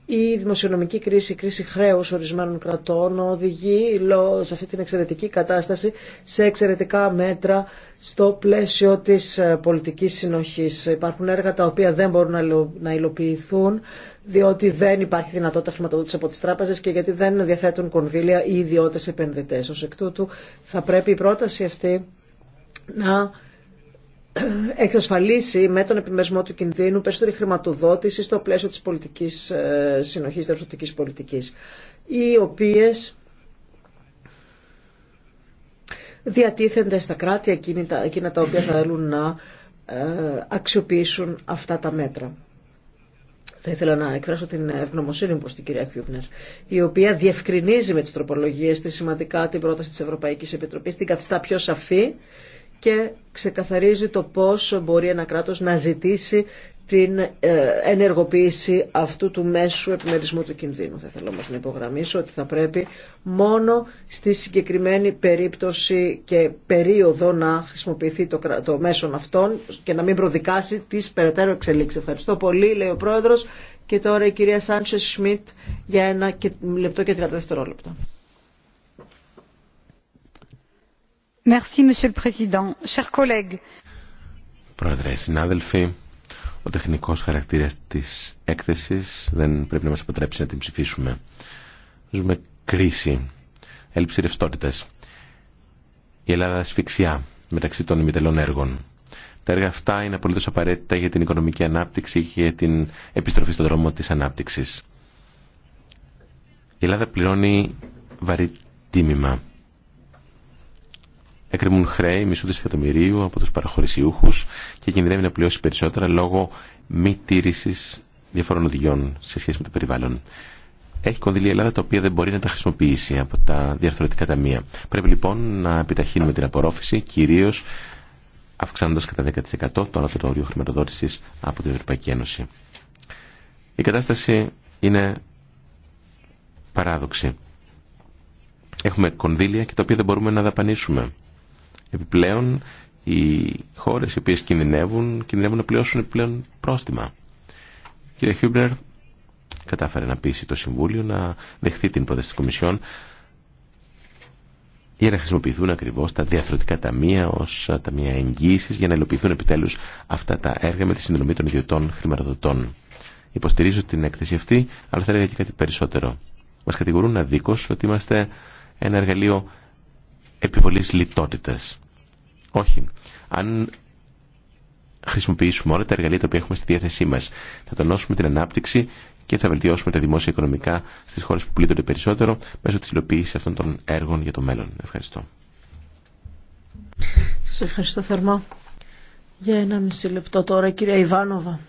Speaker 1: Η δημοσιονομική κρίση, η κρίση χρέους ορισμένων κρατών οδηγεί σε αυτή την εξαιρετική κατάσταση σε εξαιρετικά μέτρα στο πλαίσιο της ε, πολιτικής συνοχής. Υπάρχουν έργα τα οποία δεν μπορούν να υλοποιηθούν διότι δεν υπάρχει δυνατότητα χρηματοδότηση από τις τράπεζες και γιατί δεν διαθέτουν κονδύλια οι ιδιώτες επενδυτές. Ως εκ τούτου θα πρέπει η πρόταση αυτή να εξασφαλίσει με τον επιμεσμό του κινδύνου περισσότερη χρηματοδότηση στο πλαίσιο της πολιτικής ε, συνοχής, της πολιτικής, οι οποίες διατίθενται στα κράτη εκείνα τα οποία θέλουν να ε, αξιοποιήσουν αυτά τα μέτρα. Θα ήθελα να εκφράσω την ευγνωμοσύνη μου προ την κυρία Χιούπνερ, η οποία διευκρινίζει με τι τροπολογίε τη σημαντικά την πρόταση τη Ευρωπαϊκή Επιτροπή, την καθιστά πιο σαφή και ξεκαθαρίζει το πώς μπορεί ένα κράτος να ζητήσει την ε, ενεργοποίηση αυτού του μέσου επιμερισμού του κινδύνου. Θα θέλω όμως να υπογραμμίσω ότι θα πρέπει μόνο στη συγκεκριμένη περίπτωση και περίοδο να χρησιμοποιηθεί το, το μέσον αυτόν και να μην προδικάσει τις περαιτέρω εξελίξεις. Ευχαριστώ πολύ, λέει ο Πρόεδρος. Και τώρα η κυρία Σάντσε Σμιτ για ένα λεπτό και 30 δευτερόλεπτα.
Speaker 2: Monsieur le Président. Chers collègues.
Speaker 3: Πρόεδρε, συνάδελφοι, ο τεχνικός χαρακτήρας της έκθεσης δεν πρέπει να μας αποτρέψει να την ψηφίσουμε. Ζούμε κρίση, έλλειψη ρευστότητα. Η Ελλάδα ασφυξιά μεταξύ των ημιτελών έργων. Τα έργα αυτά είναι απολύτω απαραίτητα για την οικονομική ανάπτυξη και για την επιστροφή στον δρόμο τη ανάπτυξη. Η Ελλάδα πληρώνει βαρύ τίμημα εκκρεμούν χρέη μισού δισεκατομμυρίου από τους παραχωρησιούχους και κινδυνεύει να πληρώσει περισσότερα λόγω μη τήρησης διαφορών οδηγιών σε σχέση με το περιβάλλον. Έχει κονδυλία η Ελλάδα τα οποία δεν μπορεί να τα χρησιμοποιήσει από τα διαρθρωτικά ταμεία. Πρέπει λοιπόν να επιταχύνουμε την απορρόφηση, κυρίω αυξάνοντα κατά 10% το ανώτερο όριο χρηματοδότηση από την Ευρωπαϊκή Ένωση. Η κατάσταση είναι παράδοξη. Έχουμε κονδύλια και τα οποία δεν μπορούμε να δαπανίσουμε. Επιπλέον, οι χώρες οι οποίες κινδυνεύουν, κινδυνεύουν να πληρώσουν επιπλέον πρόστιμα. Κύριε Χιούμπνερ, κατάφερε να πείσει το Συμβούλιο να δεχθεί την πρόταση της Κομισιόν για να χρησιμοποιηθούν ακριβώς τα διαθροτικά ταμεία ως ταμεία εγγύησης για να υλοποιηθούν επιτέλους αυτά τα έργα με τη συνδρομή των ιδιωτών χρηματοδοτών. Υποστηρίζω την έκθεση αυτή, αλλά θα έλεγα και κάτι περισσότερο. Μας κατηγορούν αδίκως ότι είμαστε ένα εργαλείο επιβολής λιτότητας. Όχι. Αν χρησιμοποιήσουμε όλα τα εργαλεία τα οποία έχουμε στη διάθεσή μας, θα τονώσουμε την ανάπτυξη και θα βελτιώσουμε τα δημόσια οικονομικά στις χώρες που πλήττονται περισσότερο μέσω της υλοποίησης αυτών των έργων για το μέλλον. Ευχαριστώ.
Speaker 1: Σας ευχαριστώ θερμά. Για ένα μισή λεπτό τώρα, κυρία Ιβάνοβα.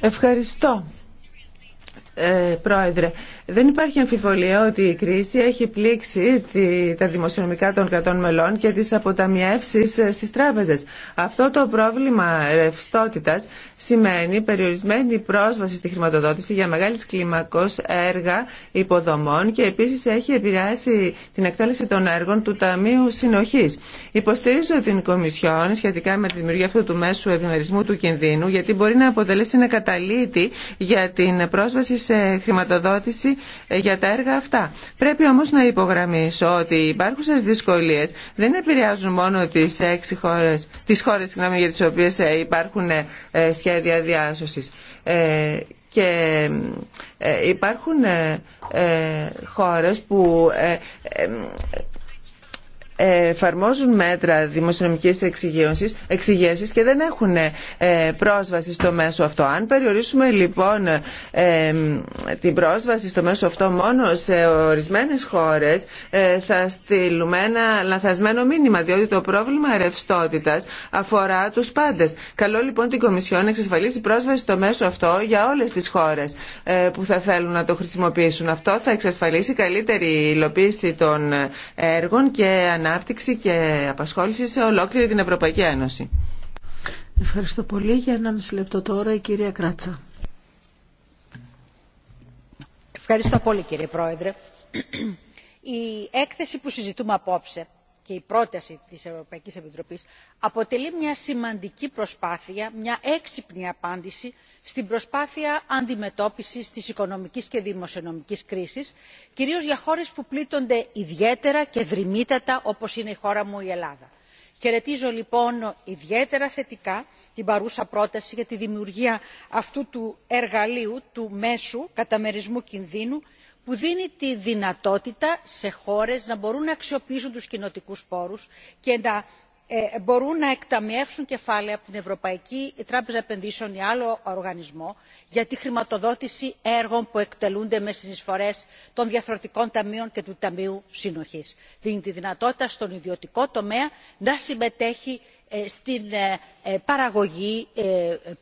Speaker 1: Ευχαριστώ. Ε,
Speaker 4: πρόεδρε, δεν υπάρχει αμφιβολία ότι η κρίση έχει πλήξει τη, τα δημοσιονομικά των κρατών μελών και τις αποταμιεύσεις ε, στις τράπεζες. Αυτό το πρόβλημα ρευστότητας σημαίνει περιορισμένη πρόσβαση στη χρηματοδότηση για μεγάλη κλιμακό έργα υποδομών και επίση έχει επηρεάσει την εκτέλεση των έργων του Ταμείου Συνοχής. Υποστηρίζω την Κομισιόν σχετικά με τη δημιουργία αυτού του μέσου ευημερισμού του κινδύνου γιατί μπορεί να αποτελέσει ένα καταλήτη για την πρόσβαση σε χρηματοδότηση ε, για τα έργα αυτά. Πρέπει όμω να υπογραμμίσω ότι οι υπάρχουσε δυσκολίε, δεν επηρεάζουν μόνο τι έξι χώρε, τι χώρε για τι οποίε ε, υπάρχουν ε, σχέσει σχέδια ε, Και ε, υπάρχουν ε, χώρες που εφαρμόζουν μέτρα δημοσιονομικής εξυγίανσης και δεν έχουν ε, πρόσβαση στο μέσο αυτό. Αν περιορίσουμε λοιπόν ε, την πρόσβαση στο μέσο αυτό μόνο σε ορισμένες χώρες ε, θα στείλουμε ένα λανθασμένο μήνυμα διότι το πρόβλημα ρευστότητας αφορά τους πάντες. Καλό λοιπόν την Κομισιόν να εξασφαλίσει πρόσβαση στο μέσο αυτό για όλες τις χώρες που θα θέλουν να το χρησιμοποιήσουν. Αυτό θα εξασφαλίσει καλύτερη υλοποίηση των έργων και ανάπτυξη και απασχόληση σε ολόκληρη την Ευρωπαϊκή Ένωση.
Speaker 1: Ευχαριστώ πολύ. Για ένα μισή λεπτό τώρα η κυρία Κράτσα.
Speaker 2: Ευχαριστώ πολύ κύριε Πρόεδρε. Η έκθεση που συζητούμε απόψε και η πρόταση της ευρωπαϊκής επιτροπής αποτελεί μια σημαντική προσπάθεια μια έξυπνη απάντηση στην προσπάθεια αντιμετώπισης της οικονομικής και δημοσιονομικής κρίσης κυρίως για χώρες που πλήττονται ιδιαίτερα και δρυμύτατα όπως είναι η χώρα μου η ελλάδα. χαιρετίζω λοιπόν ιδιαίτερα θετικά την παρούσα πρόταση για τη δημιουργία αυτού του εργαλείου του μέσου καταμερισμού κινδύνου που δίνει τη δυνατότητα σε χώρες να μπορούν να αξιοποιήσουν τους κοινοτικούς πόρους και να ε, μπορούν να εκταμιεύσουν κεφάλαια από την ευρωπαϊκή τράπεζα επενδύσεων ή άλλο οργανισμό για τη χρηματοδότηση έργων που εκτελούνται με συνεισφορές των διαφορετικών ταμείων και του ταμείου συνοχής. δίνει τη δυνατότητα στον ιδιωτικό τομέα να συμμετέχει ε, στην ε, ε, παραγωγή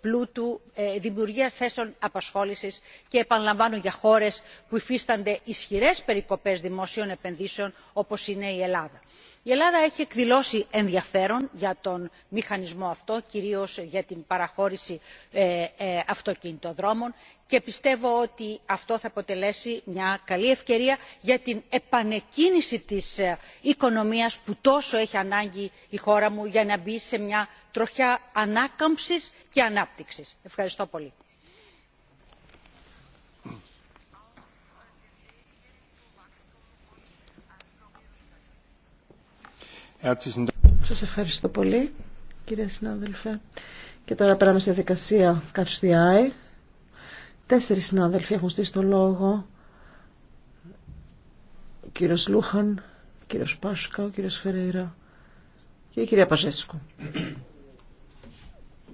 Speaker 2: πλούτου δημιουργία θέσεων απασχόλησης και επαναλαμβάνω για χώρες που υφίστανται ισχυρές περικοπές δημοσίων επενδύσεων όπως είναι η ελλάδα. η ελλάδα έχει εκδηλώσει ενδιαφέρον για τον μηχανισμό αυτό κυρίως για την παραχώρηση αυτοκινητοδρόμων και πιστεύω ότι αυτό θα αποτελέσει μια καλή ευκαιρία για την επανεκκίνηση της ε, οικονομίας που τόσο έχει ανάγκη η χώρα μου για να μπει σε μια τροχιά ανάκαμψης και ανάπτυξης. ευχαριστώ πολύ.
Speaker 1: Σας ευχαριστώ πολύ κύριε συνάδελφε. Και τώρα πέραμε στη δικασία Καρστιάη. Τέσσερις συνάδελφοι έχουν στήσει το λόγο. Ο κύριος Λούχαν, ο κύριος Πάσκα, ο κύριος Φερέιρα και η κυρία Παζέσκου.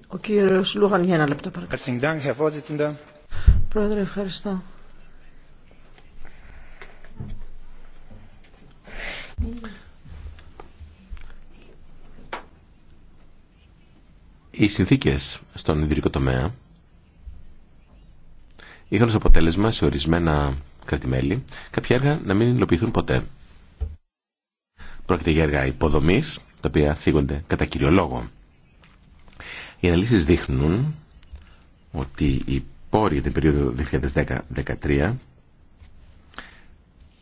Speaker 1: Ο κύριος Λούχαν για ένα λεπτό
Speaker 5: παρακαλώ.
Speaker 1: Πρόεδρε, ευχαριστώ.
Speaker 3: Οι συνθήκες στον ιδρύκο τομέα είχαν ως αποτέλεσμα σε ορισμένα κρατημέλη κάποια έργα να μην υλοποιηθούν ποτέ. Πρόκειται για έργα υποδομής, τα οποία θίγονται κατά κύριο λόγο. Οι αναλύσεις δείχνουν ότι οι πόροι για την περίοδο 2010-2013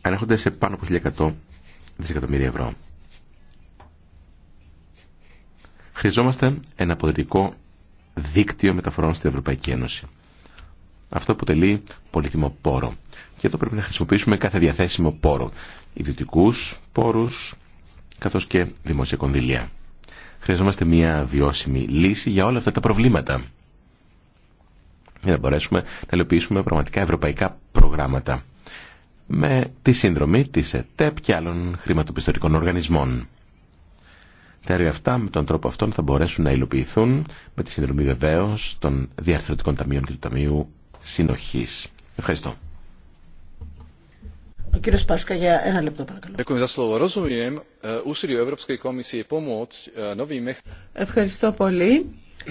Speaker 3: ανέρχονται σε πάνω από 1.100 δισεκατομμύρια ευρώ. Χρειαζόμαστε ένα αποδοτικό δίκτυο μεταφορών στην Ευρωπαϊκή Ένωση. Αυτό αποτελεί πολύτιμο πόρο. Και εδώ πρέπει να χρησιμοποιήσουμε κάθε διαθέσιμο πόρο. Ιδιωτικού πόρου, καθώ και δημόσια κονδύλια. Χρειαζόμαστε μια βιώσιμη λύση για όλα αυτά τα προβλήματα. Για να μπορέσουμε να υλοποιήσουμε πραγματικά ευρωπαϊκά προγράμματα. Με τη σύνδρομη τη ΕΤΕΠ και άλλων χρηματοπιστωτικών οργανισμών. Τα έργα αυτά με τον τρόπο αυτόν θα μπορέσουν να υλοποιηθούν με τη συνδρομή βεβαίω των διαρθρωτικών ταμείων και του Ταμείου συνοχής. Ευχαριστώ.
Speaker 1: Ο Πάσκα για ένα λεπτό παρακαλώ.
Speaker 7: Ε, ε,
Speaker 1: Ευχαριστώ πολύ.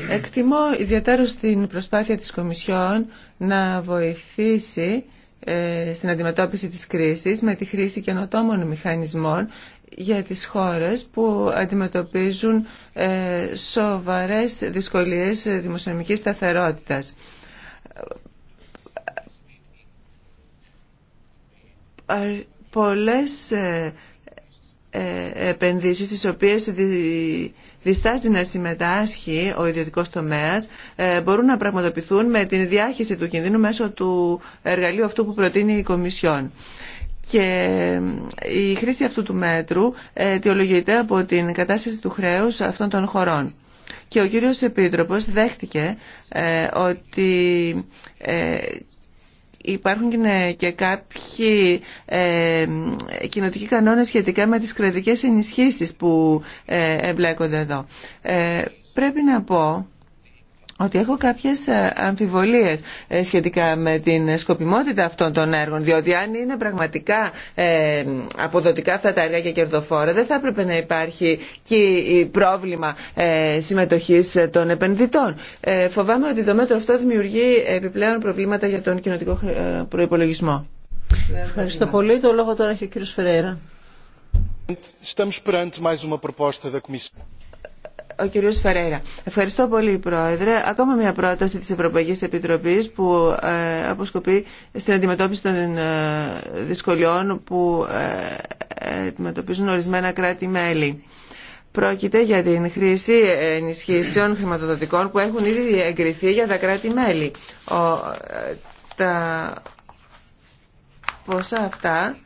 Speaker 1: Εκτιμώ
Speaker 4: ιδιαίτερα στην προσπάθεια της Κομισιόν να βοηθήσει ε, στην αντιμετώπιση της κρίσης με τη χρήση καινοτόμων μηχανισμών για τις χώρες που αντιμετωπίζουν σοβαρές δυσκολίες δημοσιονομικής σταθερότητας πολλές ε, ε, επενδύσεις στις οποίες διστάζει να συμμετάσχει ο ιδιωτικός τομέας ε, μπορούν να πραγματοποιηθούν με την διάχυση του κινδύνου μέσω του εργαλείου αυτού που προτείνει η Κομισιόν. Και η χρήση αυτού του μέτρου αιτιολογείται από την κατάσταση του χρέους αυτών των χωρών. Και ο κύριος Επίτροπος δέχτηκε ότι υπάρχουν ε, και κάποιοι ε, κοινοτικοί κανόνες σχετικά με τις κρατικές ενισχύσεις που ε, εμπλέκονται εδώ. Ε, πρέπει να πω ότι έχω κάποιες ε, αμφιβολίες ε, σχετικά με την σκοπιμότητα αυτών των έργων, διότι αν είναι πραγματικά ε, αποδοτικά αυτά τα έργα και κερδοφόρα, δεν θα έπρεπε να υπάρχει και πρόβλημα συμμετοχής των επενδυτών. Φοβάμαι ότι το μέτρο αυτό δημιουργεί επιπλέον προβλήματα για τον κοινοτικό προϋπολογισμό. Ευχαριστώ πολύ. Το λόγο τώρα έχει ο κύριος Comissão ο κύριος Φερέιρα. Ευχαριστώ πολύ, Πρόεδρε. Ακόμα μια πρόταση της Ευρωπαϊκής Επιτροπής που ε, αποσκοπεί στην αντιμετώπιση των ε, δυσκολιών που ε, αντιμετωπίζουν ορισμένα κράτη-μέλη. Πρόκειται για την χρήση ενισχύσεων χρηματοδοτικών που έχουν ήδη εγκριθεί για τα κράτη-μέλη. Τα ποσά αυτά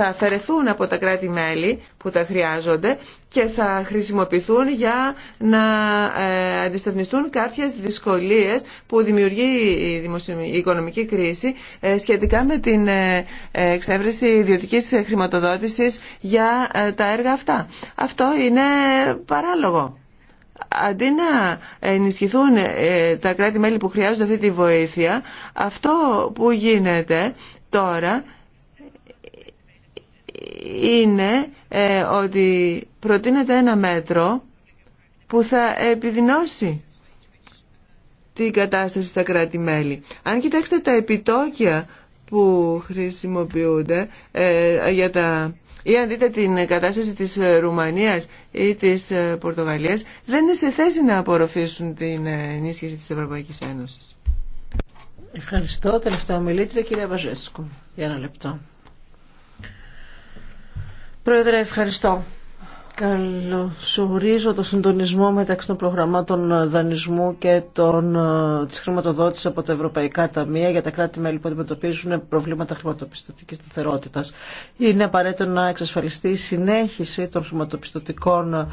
Speaker 4: θα αφαιρεθούν από τα κράτη-μέλη που τα χρειάζονται και θα χρησιμοποιηθούν για να ε, αντισταθμιστούν κάποιες δυσκολίες που δημιουργεί η οικονομική κρίση ε, σχετικά με την ε, εξέβρεση ιδιωτικής χρηματοδότησης για τα έργα αυτά. Αυτό είναι παράλογο αντί να ενισχυθούν τα κράτη-μέλη που χρειάζονται αυτή τη βοήθεια, αυτό που γίνεται τώρα είναι ε, ότι προτείνεται ένα μέτρο που θα επιδεινώσει την κατάσταση στα κράτη-μέλη. Αν κοιτάξετε τα επιτόκια που χρησιμοποιούνται ε, για τα... ή αν δείτε την κατάσταση της Ρουμανίας ή της ε, Πορτογαλίας, δεν είναι σε θέση να απορροφήσουν την ενίσχυση της Ευρωπαϊκής Ένωσης.
Speaker 1: Ευχαριστώ. Τελευταία ομιλήτρια, κυρία Βαζέσκου. Για ένα λεπτό. Πρόεδρε, ευχαριστώ. Καλωσορίζω το συντονισμό μεταξύ των προγραμμάτων δανεισμού και των, ε, της χρηματοδότησης από τα Ευρωπαϊκά Ταμεία για τα κράτη-μέλη που αντιμετωπίζουν προβλήματα χρηματοπιστωτική σταθερότητας. Είναι απαραίτητο να εξασφαλιστεί η συνέχιση των χρηματοπιστωτικών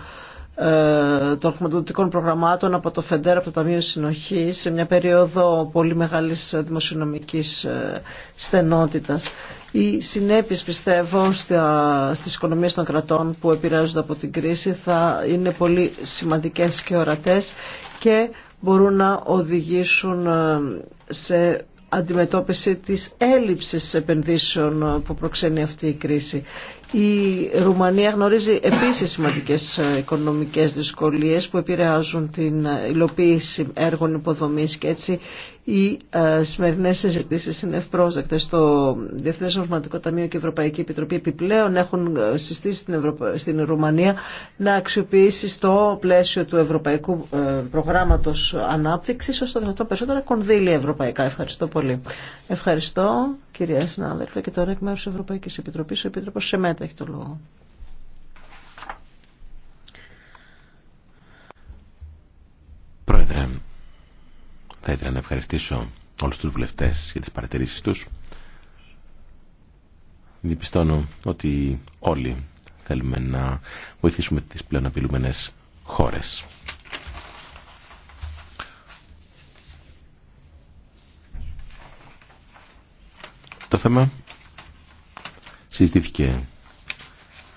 Speaker 1: ε, των χρηματοδοτικών προγραμμάτων από το ΦΕΝΤΕΡ, από το Ταμείο Συνοχή, σε μια περίοδο πολύ μεγάλης δημοσιονομικής ε, στενότητας. Οι συνέπειε, πιστεύω στι οικονομίε οικονομίες των κρατών που επηρεάζονται από την κρίση θα είναι πολύ σημαντικές και ορατές και μπορούν να οδηγήσουν ε, σε αντιμετώπιση της έλλειψης επενδύσεων που προξένει αυτή η κρίση. Η Ρουμανία γνωρίζει επίσης σημαντικές ε, οικονομικές δυσκολίες που επηρεάζουν την ε, υλοποίηση έργων υποδομής και έτσι οι ε, σημερινέ συζητήσει είναι ευπρόσδεκτε. Το Διεθνέ Ορματικό Ταμείο και η Ευρωπαϊκή Επιτροπή επιπλέον έχουν συστήσει στην, στην Ρουμανία να αξιοποιήσει στο πλαίσιο του Ευρωπαϊκού Προγράμματο Ανάπτυξη ω το περισσότερα κονδύλια ευρωπαϊκά. Ευχαριστώ πολύ. Ευχαριστώ, κυρία συνάδελφε, και τώρα εκ μέρου Ευρωπαϊκή ο Σεμέτα έχει το λόγο.
Speaker 3: Πρόεδρε, θα ήθελα να ευχαριστήσω όλους τους βουλευτές για τις παρατηρήσεις τους. Διπιστώνω ότι όλοι θέλουμε να βοηθήσουμε τις πλέον απειλούμενες χώρες. Το θέμα συζητήθηκε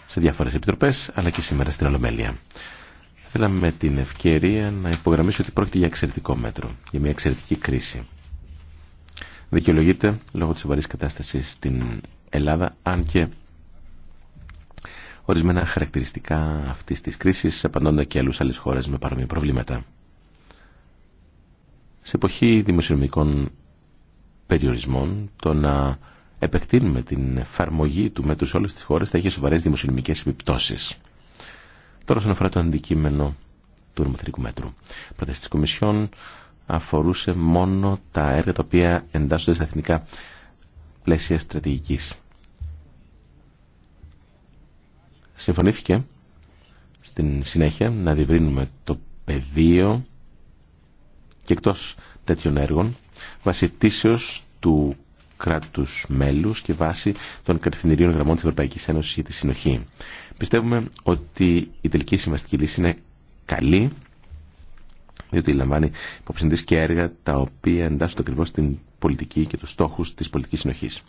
Speaker 3: σε διάφορες επιτροπές αλλά και σήμερα στην Ολομέλεια. Θέλαμε με την ευκαιρία να υπογραμμίσω ότι πρόκειται για εξαιρετικό μέτρο, για μια εξαιρετική κρίση. Δικαιολογείται λόγω της σοβαρής κατάστασης στην Ελλάδα, αν και ορισμένα χαρακτηριστικά αυτής της κρίσης απαντώνται και αλλούς άλλες χώρες με παρόμοια προβλήματα. Σε εποχή δημοσιονομικών περιορισμών, το να επεκτείνουμε την εφαρμογή του μέτρου σε όλες τις χώρες θα έχει σοβαρές δημοσιονομικές επιπτώσεις. Τώρα όσον αφορά το αντικείμενο του νομοθετικού μέτρου. Η πρόταση της Κομισιόν αφορούσε μόνο τα έργα τα οποία εντάσσονται στα εθνικά πλαίσια στρατηγικής. Συμφωνήθηκε στην συνέχεια να διευρύνουμε το πεδίο και εκτός τέτοιων έργων βασιτήσεως του κράτους μέλους και βάση των κατευθυντηρίων γραμμών της Ευρωπαϊκής Ένωσης για τη συνοχή. Πιστεύουμε ότι η τελική συμβαστική λύση είναι καλή, διότι λαμβάνει υπόψη και έργα τα οποία εντάσσονται ακριβώ στην πολιτική και τους στόχους της πολιτικής συνοχής.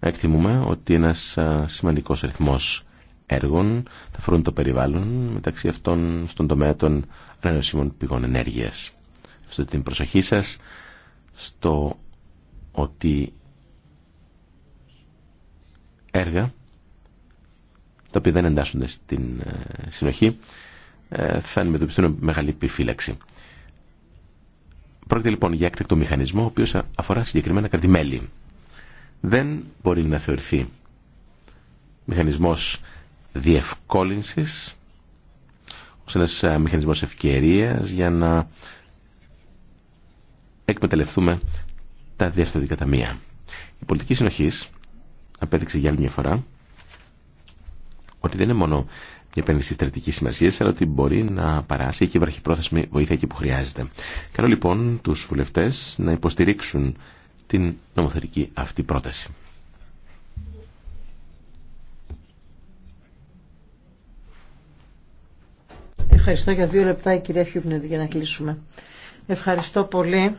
Speaker 3: Εκτιμούμε ότι ένας σημαντικός αριθμός έργων θα φορούν το περιβάλλον μεταξύ αυτών στον τομέα των ανανεωσίμων πηγών ενέργειας. Ευχαριστώ την προσοχή σας στο ότι έργα τα οποία δεν εντάσσονται στην ε, συνοχή ε, θα αντιμετωπιστούν μεγάλη επιφύλαξη. Πρόκειται λοιπόν για έκτακτο μηχανισμό ο οποίος αφορά συγκεκριμένα κρατημέλη. Δεν μπορεί να θεωρηθεί μηχανισμός διευκόλυνσης ως ένας ε, μηχανισμός ευκαιρίας για να εκμεταλλευτούμε τα διευθυντικά ταμεία. Η πολιτική συνοχή απέδειξε για άλλη μια φορά ότι δεν είναι μόνο η επένδυση στρατηγική σημασία, αλλά ότι μπορεί να παράσει και βραχυπρόθεσμη βοήθεια εκεί που χρειάζεται. Καλό λοιπόν του βουλευτέ να υποστηρίξουν την νομοθετική αυτή πρόταση.
Speaker 1: Ευχαριστώ για δύο λεπτά η κυρία Χιούπνερ για να κλείσουμε. Ευχαριστώ πολύ.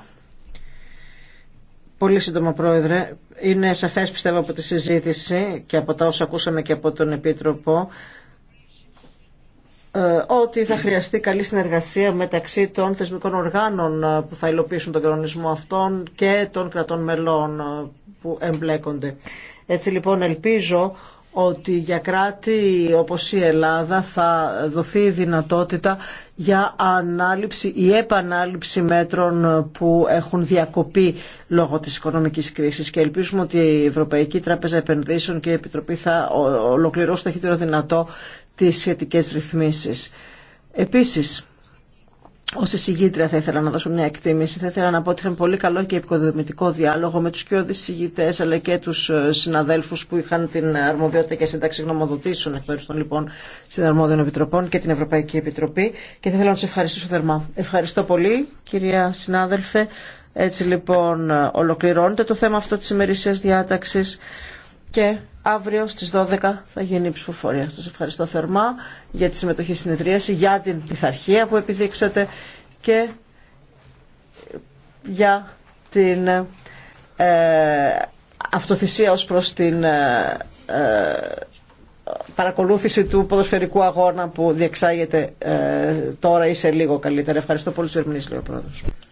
Speaker 1: Πολύ σύντομα, Πρόεδρε. Είναι σαφέ, πιστεύω, από τη συζήτηση και από τα όσα ακούσαμε και από τον Επίτροπο ε, ότι θα χρειαστεί καλή συνεργασία μεταξύ των θεσμικών οργάνων ε, που θα υλοποιήσουν τον κανονισμό αυτών και των κρατών μελών ε, που εμπλέκονται. Έτσι λοιπόν ελπίζω ότι για κράτη όπως η Ελλάδα θα δοθεί η δυνατότητα για ανάληψη ή επανάληψη μέτρων που έχουν διακοπεί λόγω της οικονομικής κρίσης και ελπίζουμε ότι η Ευρωπαϊκή Τράπεζα Επενδύσεων και η Επιτροπή θα ολοκληρώσει το χειρότερο δυνατό τις σχετικές ρυθμίσεις. Επίσης, Ω εισηγήτρια θα ήθελα να δώσω μια εκτίμηση. Θα ήθελα να πω ότι είχαμε πολύ καλό και επικοδομητικό διάλογο με του και οδησηγητέ αλλά και του ε, συναδέλφου που είχαν την αρμοδιότητα και σύνταξη γνωμοδοτήσεων εκ μέρου των λοιπόν συναρμόδιων επιτροπών και την Ευρωπαϊκή Επιτροπή. Και θα ήθελα να του ευχαριστήσω θερμά. Ευχαριστώ πολύ, κυρία συνάδελφε. Έτσι λοιπόν ολοκληρώνεται το θέμα αυτό τη ημερησία διάταξη και Αύριο στις 12 θα γίνει η ψηφοφορία. Σας ευχαριστώ θερμά για τη συμμετοχή στην συνεδρίαση, για την πειθαρχία που επιδείξατε και για την ε, αυτοθυσία ως προς την ε, ε, παρακολούθηση του ποδοσφαιρικού αγώνα που διεξάγεται ε, τώρα ή σε λίγο καλύτερα. Ευχαριστώ πολύ, Σερμινής, λέει ο